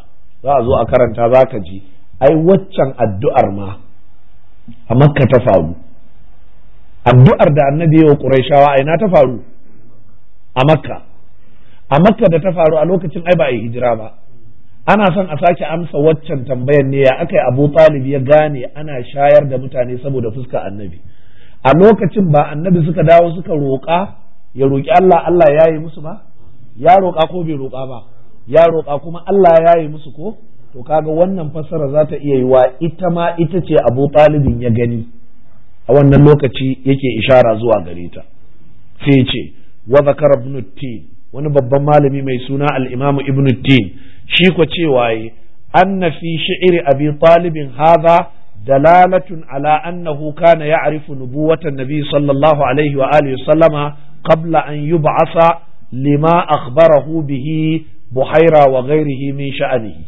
a zo a karanta zaka ji ai waccan addu'ar ma a makka ta faru addu'ar da annabi ya wa quraishawa ai ta faru a makka a makka da ta faru a lokacin ai ba a yi hijira ba ana son a sake amsa waccan tambayar ne ya aka yi abu talib ya gane ana shayar da mutane saboda fuska annabi a lokacin ba annabi suka dawo suka roƙa ya roƙi Allah Allah ya yi musu ba ya roƙa ko bai roƙa ba ya roƙa kuma Allah ya yi musu ko to kaga wannan fassara za ta iya yiwa ita ma ita ce abu talibin ya gani a wannan lokaci yake ishara zuwa gare ta sai ce wa zakar ibn wani babban malami mai suna al-imamu ibn shi ko cewa yi anna fi shi'ri abi talibin hadha dalalatun ala annahu kana ya'rifu nubuwatan nabi sallallahu alaihi wa alihi sallama qabla an yub'asa lima akhbarahu bihi buhaira wa ghairihi min sha'anihi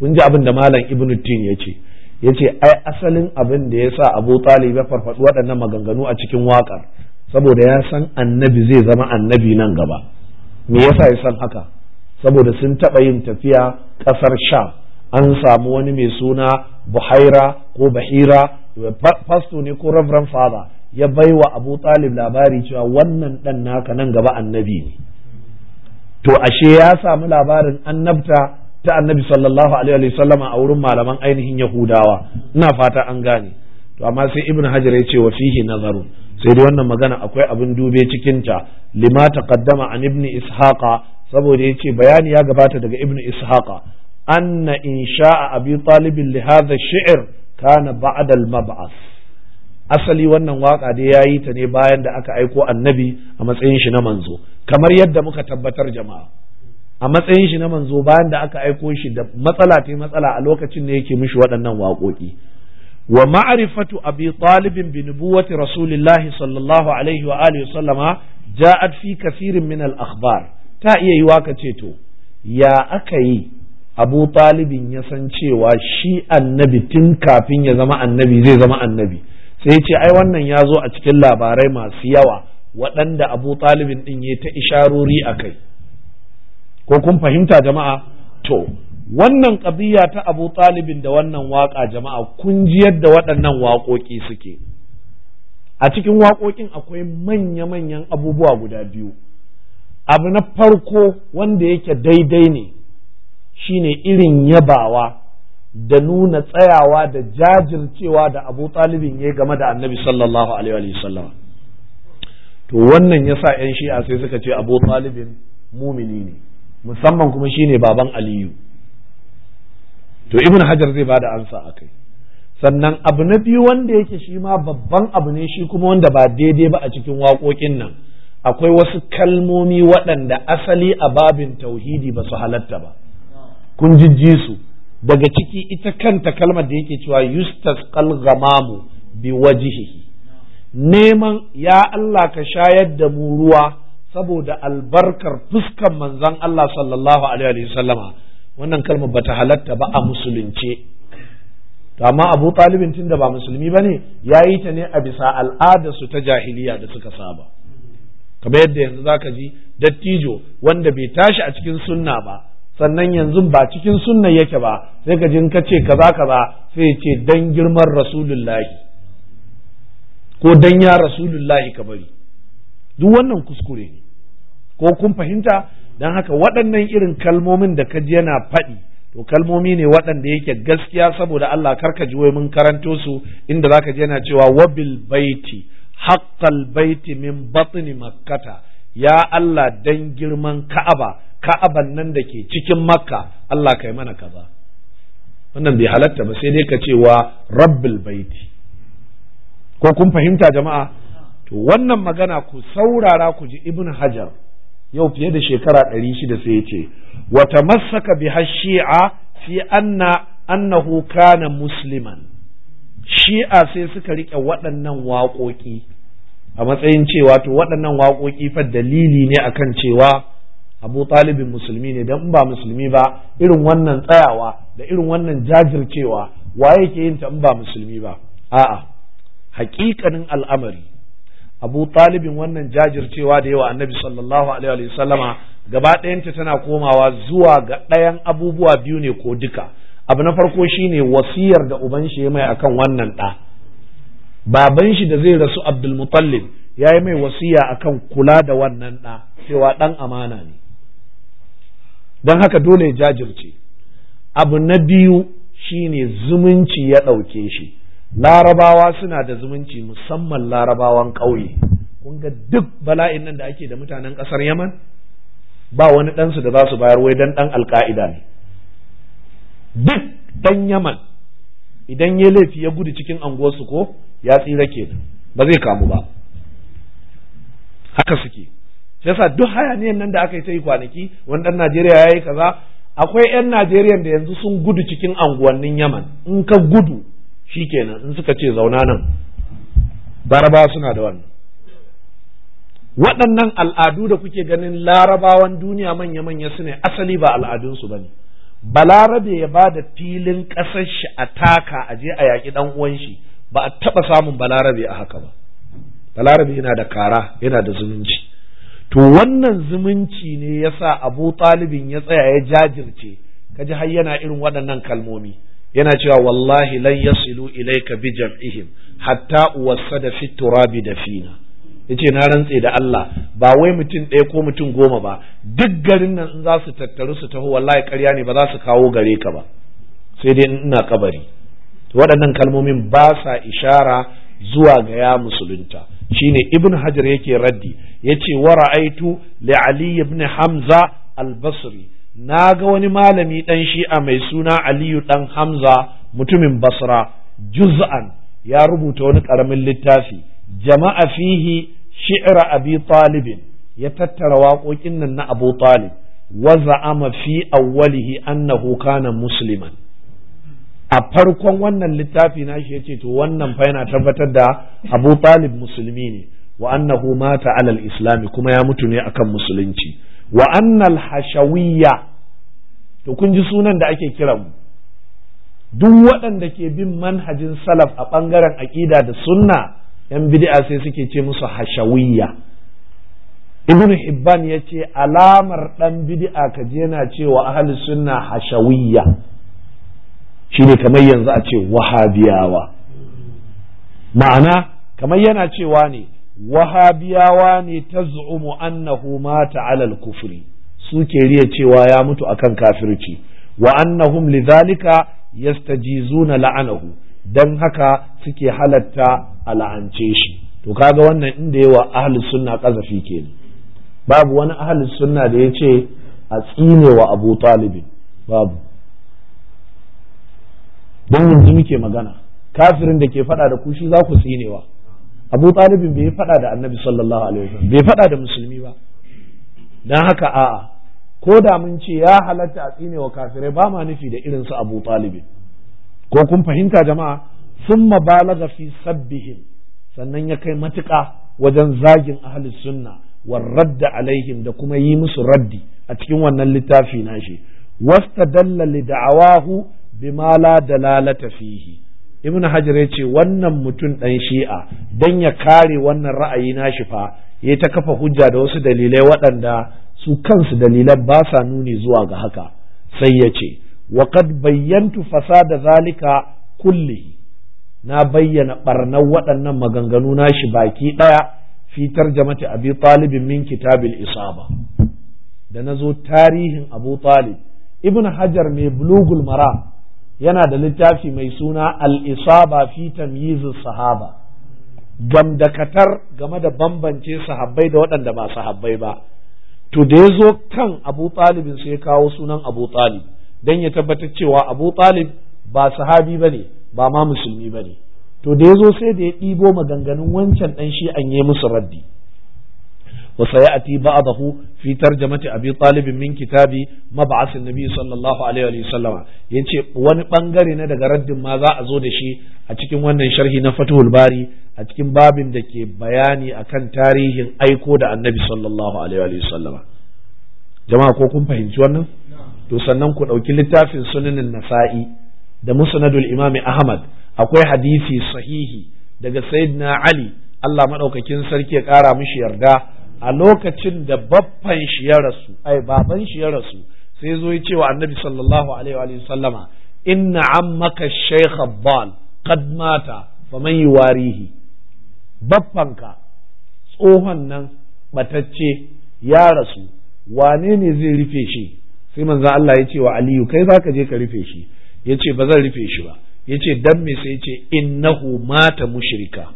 kun ji abin da malam ibnu tin yace yace ai asalin abin da yasa abu talib ya farfadu waɗannan maganganu a cikin waƙar saboda ya san annabi zai zama annabi nan gaba me yasa ya san haka saboda sun taɓa yin tafiya ƙasar sham an samu wani mai suna buhaira ko bahira fasto ne ko reverend father ya baiwa abu talib labari cewa wannan ɗan naka nan gaba annabi ne to ashe ya samu labarin annabta ta annabi sallallahu alaihi sallama a wurin malaman ainihin yahudawa ina fata an gane to amma sai ibn hajar ya ce wa fihi nazaru sai dai wannan magana akwai abin dube cikin ta lima taqaddama an ibn ishaqa saboda yace bayani ya gabata daga ibn ishaqa anna insha'a abi talib li hadha shi'r kana ba'adal al asali wannan waka dai yayi ta ne bayan da aka aiko annabi a matsayin shi na manzo kamar yadda muka tabbatar jama'a a matsayin shi na manzo bayan da aka aiko shi da matsala ta matsala a lokacin ne yake mishi waɗannan waƙoƙi wa ma'rifatu abi talibin bi nubuwati rasulillahi sallallahu alaihi wa alihi sallama ja'at fi kathirin min al akhbar ta iya yiwa ka ce to ya aka yi abu talibin ya san cewa shi annabi tun kafin ya zama annabi zai zama annabi sai ce ai wannan ya zo a cikin labarai masu yawa waɗanda abu talibin ɗin ya ta isharori a kai ko kun fahimta jama'a to wannan ƙabiya ta abu talibin da wannan waƙa jama'a kun ji yadda waɗannan waƙoƙi suke a cikin waƙoƙin akwai manya-manyan abubuwa guda biyu abu na farko wanda yake daidai ne shine irin yabawa da nuna tsayawa da jajircewa da abu talibin ya game da annabi sallallahu alaihi wa sallama to wannan ya sa 'yan shi'a sai suka ce abu talibin mumini ne musamman kuma shine baban aliyu to ibn hajar zai bada ansa a kai sannan abu na biyu wanda yake shi ma babban abu ne shi kuma wanda ba daidai ba a cikin waƙoƙin nan akwai wasu kalmomi waɗanda asali a babin tauhidi ba su halatta ba kun jijji su daga ciki ita kanta kalmar da yake cewa yustas gamamu bi wajihihi neman ya Allah ka shayar da mu ruwa saboda albarkar fuskan manzan Allah sallallahu alaihi wasallama wannan kalmar ba ta halatta ba a musulunce to amma Abu Talibin da ba musulmi ba ne ya yi ta ne a bisa al'adarsu ta jahiliya da suka saba kamar yadda yanzu zaka ji dattijo wanda bai tashi a cikin sunna ba sannan yanzu ba cikin sunna yake ba sai ka jin ka ce kaza kaza sai ya ce dan girman rasulullahi ko dan ya rasulullahi ka bari duk wannan kuskure ne ko kun fahimta don haka waɗannan irin kalmomin da ka yana faɗi to kalmomi ne waɗanda yake gaskiya saboda Allah karka ji wai mun karanto su inda zaka ji yana cewa wabil baiti haqqal baiti min batni makkata ya Allah dan girman ka'aba ka'aban nan da ke cikin makka Allah kai mana kaza wannan bai halatta ba sai dai ka ce wa rabbil baiti ko kun fahimta jama'a to wannan magana ku saurara ku ji ibn hajar yau fiye da shekara ɗari shida sai yace ce wa tamassaka bi shi'a fi anna annahu kana musliman shi'a sai suka rike waɗannan waƙoƙi a matsayin cewa to waɗannan waƙoƙi fa dalili ne akan cewa abu talibin musulmi ne dan ba musulmi ba irin wannan tsayawa da irin wannan jajircewa waye ke yin ta in ba musulmi ba a'a haƙiƙanin al'amari abu talibin wannan jajircewa da yawa annabi sallallahu alaihi wa sallama gaba ɗayanta tana komawa zuwa ga ɗayan abubuwa biyu ne ko duka abu na farko shine wasiyar da uban shi mai akan wannan ɗa baban shi da zai rasu Abdul Muttalib ya yi mai wasiya akan kula da wannan ɗa cewa ɗan amana ne don haka dole ya jajirce abu na biyu shine zumunci ya ɗauke shi larabawa suna da zumunci musamman larabawan ƙauye kun ga duk bala'in nan da ake da mutanen ƙasar yaman ba wani ɗansu da za su bayar wai dan ɗan alka'ida ne duk ɗan yaman idan ya laifi ya gudu cikin anguwarsu ko ya tsira kenan ba zai kamu ba haka suke shi yasa duk hayaniyan nan da aka yi ta yi kwanaki wani dan Najeriya ya yi kaza akwai 'yan Najeriya da yanzu sun gudu cikin anguwannin Yaman in ka gudu shikenan in suka ce zauna nan Baraba suna da wannan waɗannan al'adu da kuke ganin larabawan duniya manya-manya su ne asali ba al'adunsu ba ne balarabe ya ba da filin ƙasar shi a taka a je a yaƙi ɗan uwan shi ba a taɓa samun balarabe a haka ba balarabe yana da kara yana da zumunci to wannan zumunci ne ya sa abu talibin ya tsaya ya jajirce ka ji har yana irin waɗannan kalmomi yana cewa wallahi lan yasilu ka bi jam'ihim hatta uwassada fi turabi dafina yace na rantse da Allah ba wai mutum ɗaya ko mutum goma ba duk garin nan in za su tattaru su taho wallahi ƙarya ne ba za su kawo gare ka ba sai dai ina kabari waɗannan kalmomin ba sa ishara zuwa ga ya musulunta shine ibn hajar yake raddi yace wa ra'aitu li ali ibn hamza al-basri na ga wani malami dan shi'a mai suna aliyu dan hamza mutumin basra juz'an ya rubuta wani karamin littafi jama'a fihi shi'ar abi talibin ya tattara waƙoƙin nan na abu talib wa za'ama fi a farkon wannan littafi na shi yace to wannan fa yana tabbatar da Abu Talib musulmi ne wa annahu mata alal islami kuma ya mutu ne akan musulunci wa annal hashawiyya to kun ji sunan da ake kiran mu duk waɗanda ke bin manhajin salaf a ɓangaren aƙida da sunna yan bid'a sai suke ce musu hashawiyya ibn hibban ya ce alamar ɗan bid'a kaje yana cewa ahli sunna hashawiyya ne kamar yanzu a ce wahabiyawa ma'ana kamar yana cewa ne wahabiyawa ne ta zu'umu annahu ta alal kufri suke riya cewa ya mutu akan kafirci wa annahum lidhalika yastajizuna la'anahu dan haka suke halatta a la'ance shi to kaga wannan inda yawa ahli sunna kazafi kenan babu wani ahli sunna da ya ce a tsinewa abu talibin babu don yanzu muke magana kafirin da ke faɗa da kushi za ku tsinewa abu talibin bai faɗa da annabi sallallahu alaihi wasallam bai faɗa da musulmi ba dan haka a'a ko da mun ce ya halatta a tsinewa kafirai ba ma nufi da irin su abu talibin ko kun fahimta jama'a sun mabalaga fi sabbihim sannan ya kai matuƙa wajen zagin ahli sunna war radda alaihim da kuma yi musu raddi a cikin wannan littafi nashi wasta dalla li da'awahu bimala la dalalata fihi ibnu hajar ya wannan mutum ɗan shi'a dan ya kare wannan ra'ayi nashi fa ya ta kafa hujja da wasu dalilai waɗanda su kansu dalilan ba sa nuni zuwa ga haka sai ya ce wa qad bayyantu da zalika kulli na bayyana ɓarnar waɗannan maganganu shi baki ɗaya fi tarjamati abi talibin min kitabil isaba da na zo tarihin abu talib ibn hajar mai bulugul mara yana da littafi mai suna al-isaba fi tamyiz sahaba gamdakatar game da bambance sahabbai da waɗanda ba sahabbai ba to da ya zo kan abu talibin sai ya kawo sunan abu talib don ya tabbatar cewa abu talib ba sahabi ba ne ba ma musulmi ba ne to da ya zo sai da ya ɗibo maganganun wancan ɗan shi an yi musu raddi wa sayati ba'dahu fitar tarjamati abi talib min kitabi mab'ath an-nabi sallallahu alaihi wa sallama yace wani bangare na daga raddin ma za a zo da shi a cikin wannan sharhi na Fathul Bari a cikin babin da ke bayani akan tarihin aiko da annabi sallallahu alaihi wa sallama jama'a ko kun fahimci wannan to sannan ku ɗauki littafin sunanin nasa'i da musnadul imami ahmad akwai hadisi sahihi daga na ali Allah maɗaukakin sarki ya ƙara mushi yarda a lokacin da babban shi ya rasu ai baban shi ya rasu sai zo ya ce wa annabi sallallahu alaihi wa sallama inna ammaka shaykh abbal qad mata man yuwarihi babbanka tsohon nan batacce ya rasu wane ne zai rufe shi sai manzo Allah ya ce wa aliyu kai zaka je ka rufe shi yace ba zan rufe shi ba yace dan me sai yace innahu mata mushrika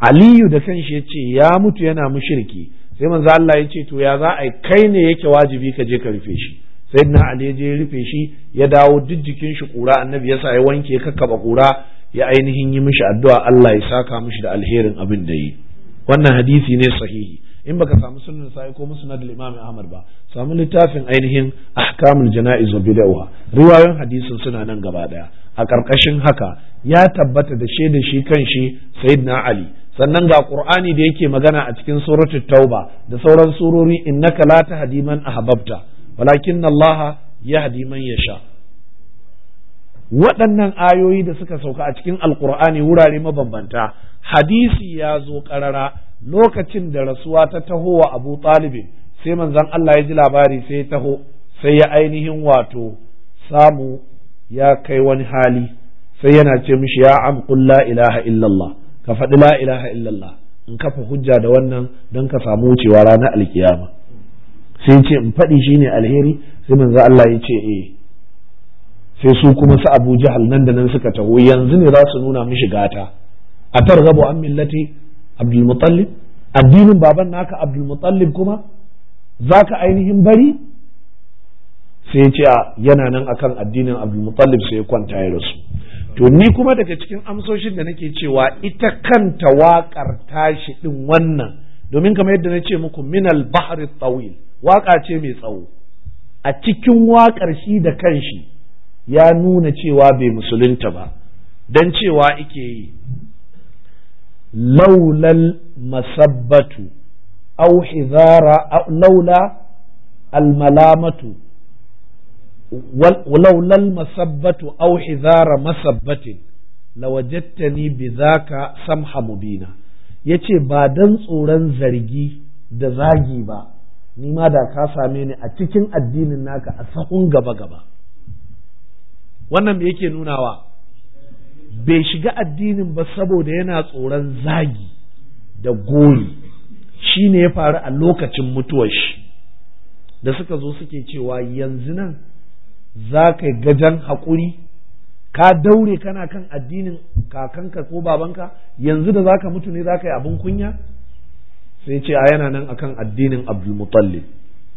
aliyu da kanshi ya ce ya mutu yana mushirki sai manzo Allah ya ce to ya za a kai ne yake wajibi ka je ka rufe shi na ali ya je rufe shi ya dawo duk jikin shi kura annabi yasa ya wanke ka kakkaba kura ya ainihin yi mishi addu'a Allah ya saka mishi da alherin abin da yi wannan hadisi ne sahihi in baka samu sunan sai ko musnad al-imam Ahmad ba samu littafin ainihin ahkamul jana'iz wa bid'ah riwayoyin hadisin suna nan gaba daya a karkashin haka ya tabbata da da shi kan shi sayyidina Ali sannan ga qur'ani da yake magana a cikin suratul tauba da sauran surori innaka la tahdi man ahbabta walakin Allah yahdi man yasha waɗannan ayoyi da suka sauka a cikin alqur'ani wurare mabambanta hadisi ya zo karara lokacin da rasuwa ta taho wa Abu Talib sai manzon Allah ya ji labari sai taho sai ya ainihin wato samu ya kai wani hali sai yana ce mishi ya am la ilaha illallah ka faɗi la ilaha illallah in kafa hujja da wannan don ka samu wucewa ranar alkiyama sai ce in faɗi shine alheri sai manzo Allah ya ce eh sai su kuma su Abu Jahal nan da nan suka taho yanzu ne za su nuna mishi gata a targhabu an millati Abdul addinin baban naka Abdul Muttalib kuma zaka ainihin bari sai ya a yana nan akan addinin Abdul sai ya kwanta ya rasu to ni kuma daga cikin amsoshin da nake cewa ita kanta waƙar tashi ɗin wannan domin kamar yadda na ce muku minal bahri tsawil waƙa ce mai tsawo a cikin waƙar shi da kanshi ya nuna cewa bai musulunta ba don cewa ike yi laulal masabbatu au hizara laula almalamatu ولولا المسبة أو حذار مسبة لوجدتني بذاك سمح مبينا yace ba dan tsoron zargi da zagi ba ni ma da ka same ni a cikin addinin naka a sahun gaba gaba wannan me yake nunawa bai shiga addinin ba saboda yana tsoron zagi da gori shine ya faru a lokacin mutuwar shi da suka zo suke cewa yanzu nan za ka gajan haƙuri ka daure kana kan addinin kakanka ko babanka yanzu da za ka mutu ne za ka yi abin kunya sai ce a yana nan akan addinin abdulmutallib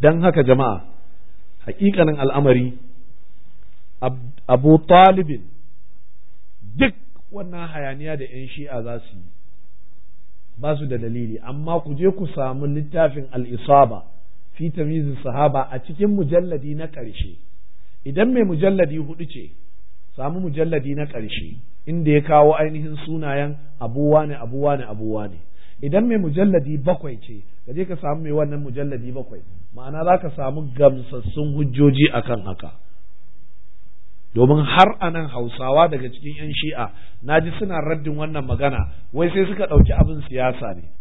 don haka jama'a hakikanin al'amari abu talibin duk wannan hayaniya da 'yan shi'a za su yi ba su da dalili amma ku je ku samu littafin al'isaba fi tamizin sahaba a cikin mujalladi na ƙarshe idan mai mujalladi hudu ce samu mujalladi na ƙarshe inda ya kawo ainihin sunayen abuwa ne abuwa ne abuwa ne idan mai mujalladi bakwai ce ka je ka samu mai wannan mujalladi bakwai ma'ana za ka samu gamsassun hujjoji akan haka domin har anan hausawa daga cikin 'yan shi'a na ji suna raddin wannan magana wai sai suka ɗauki abin siyasa ne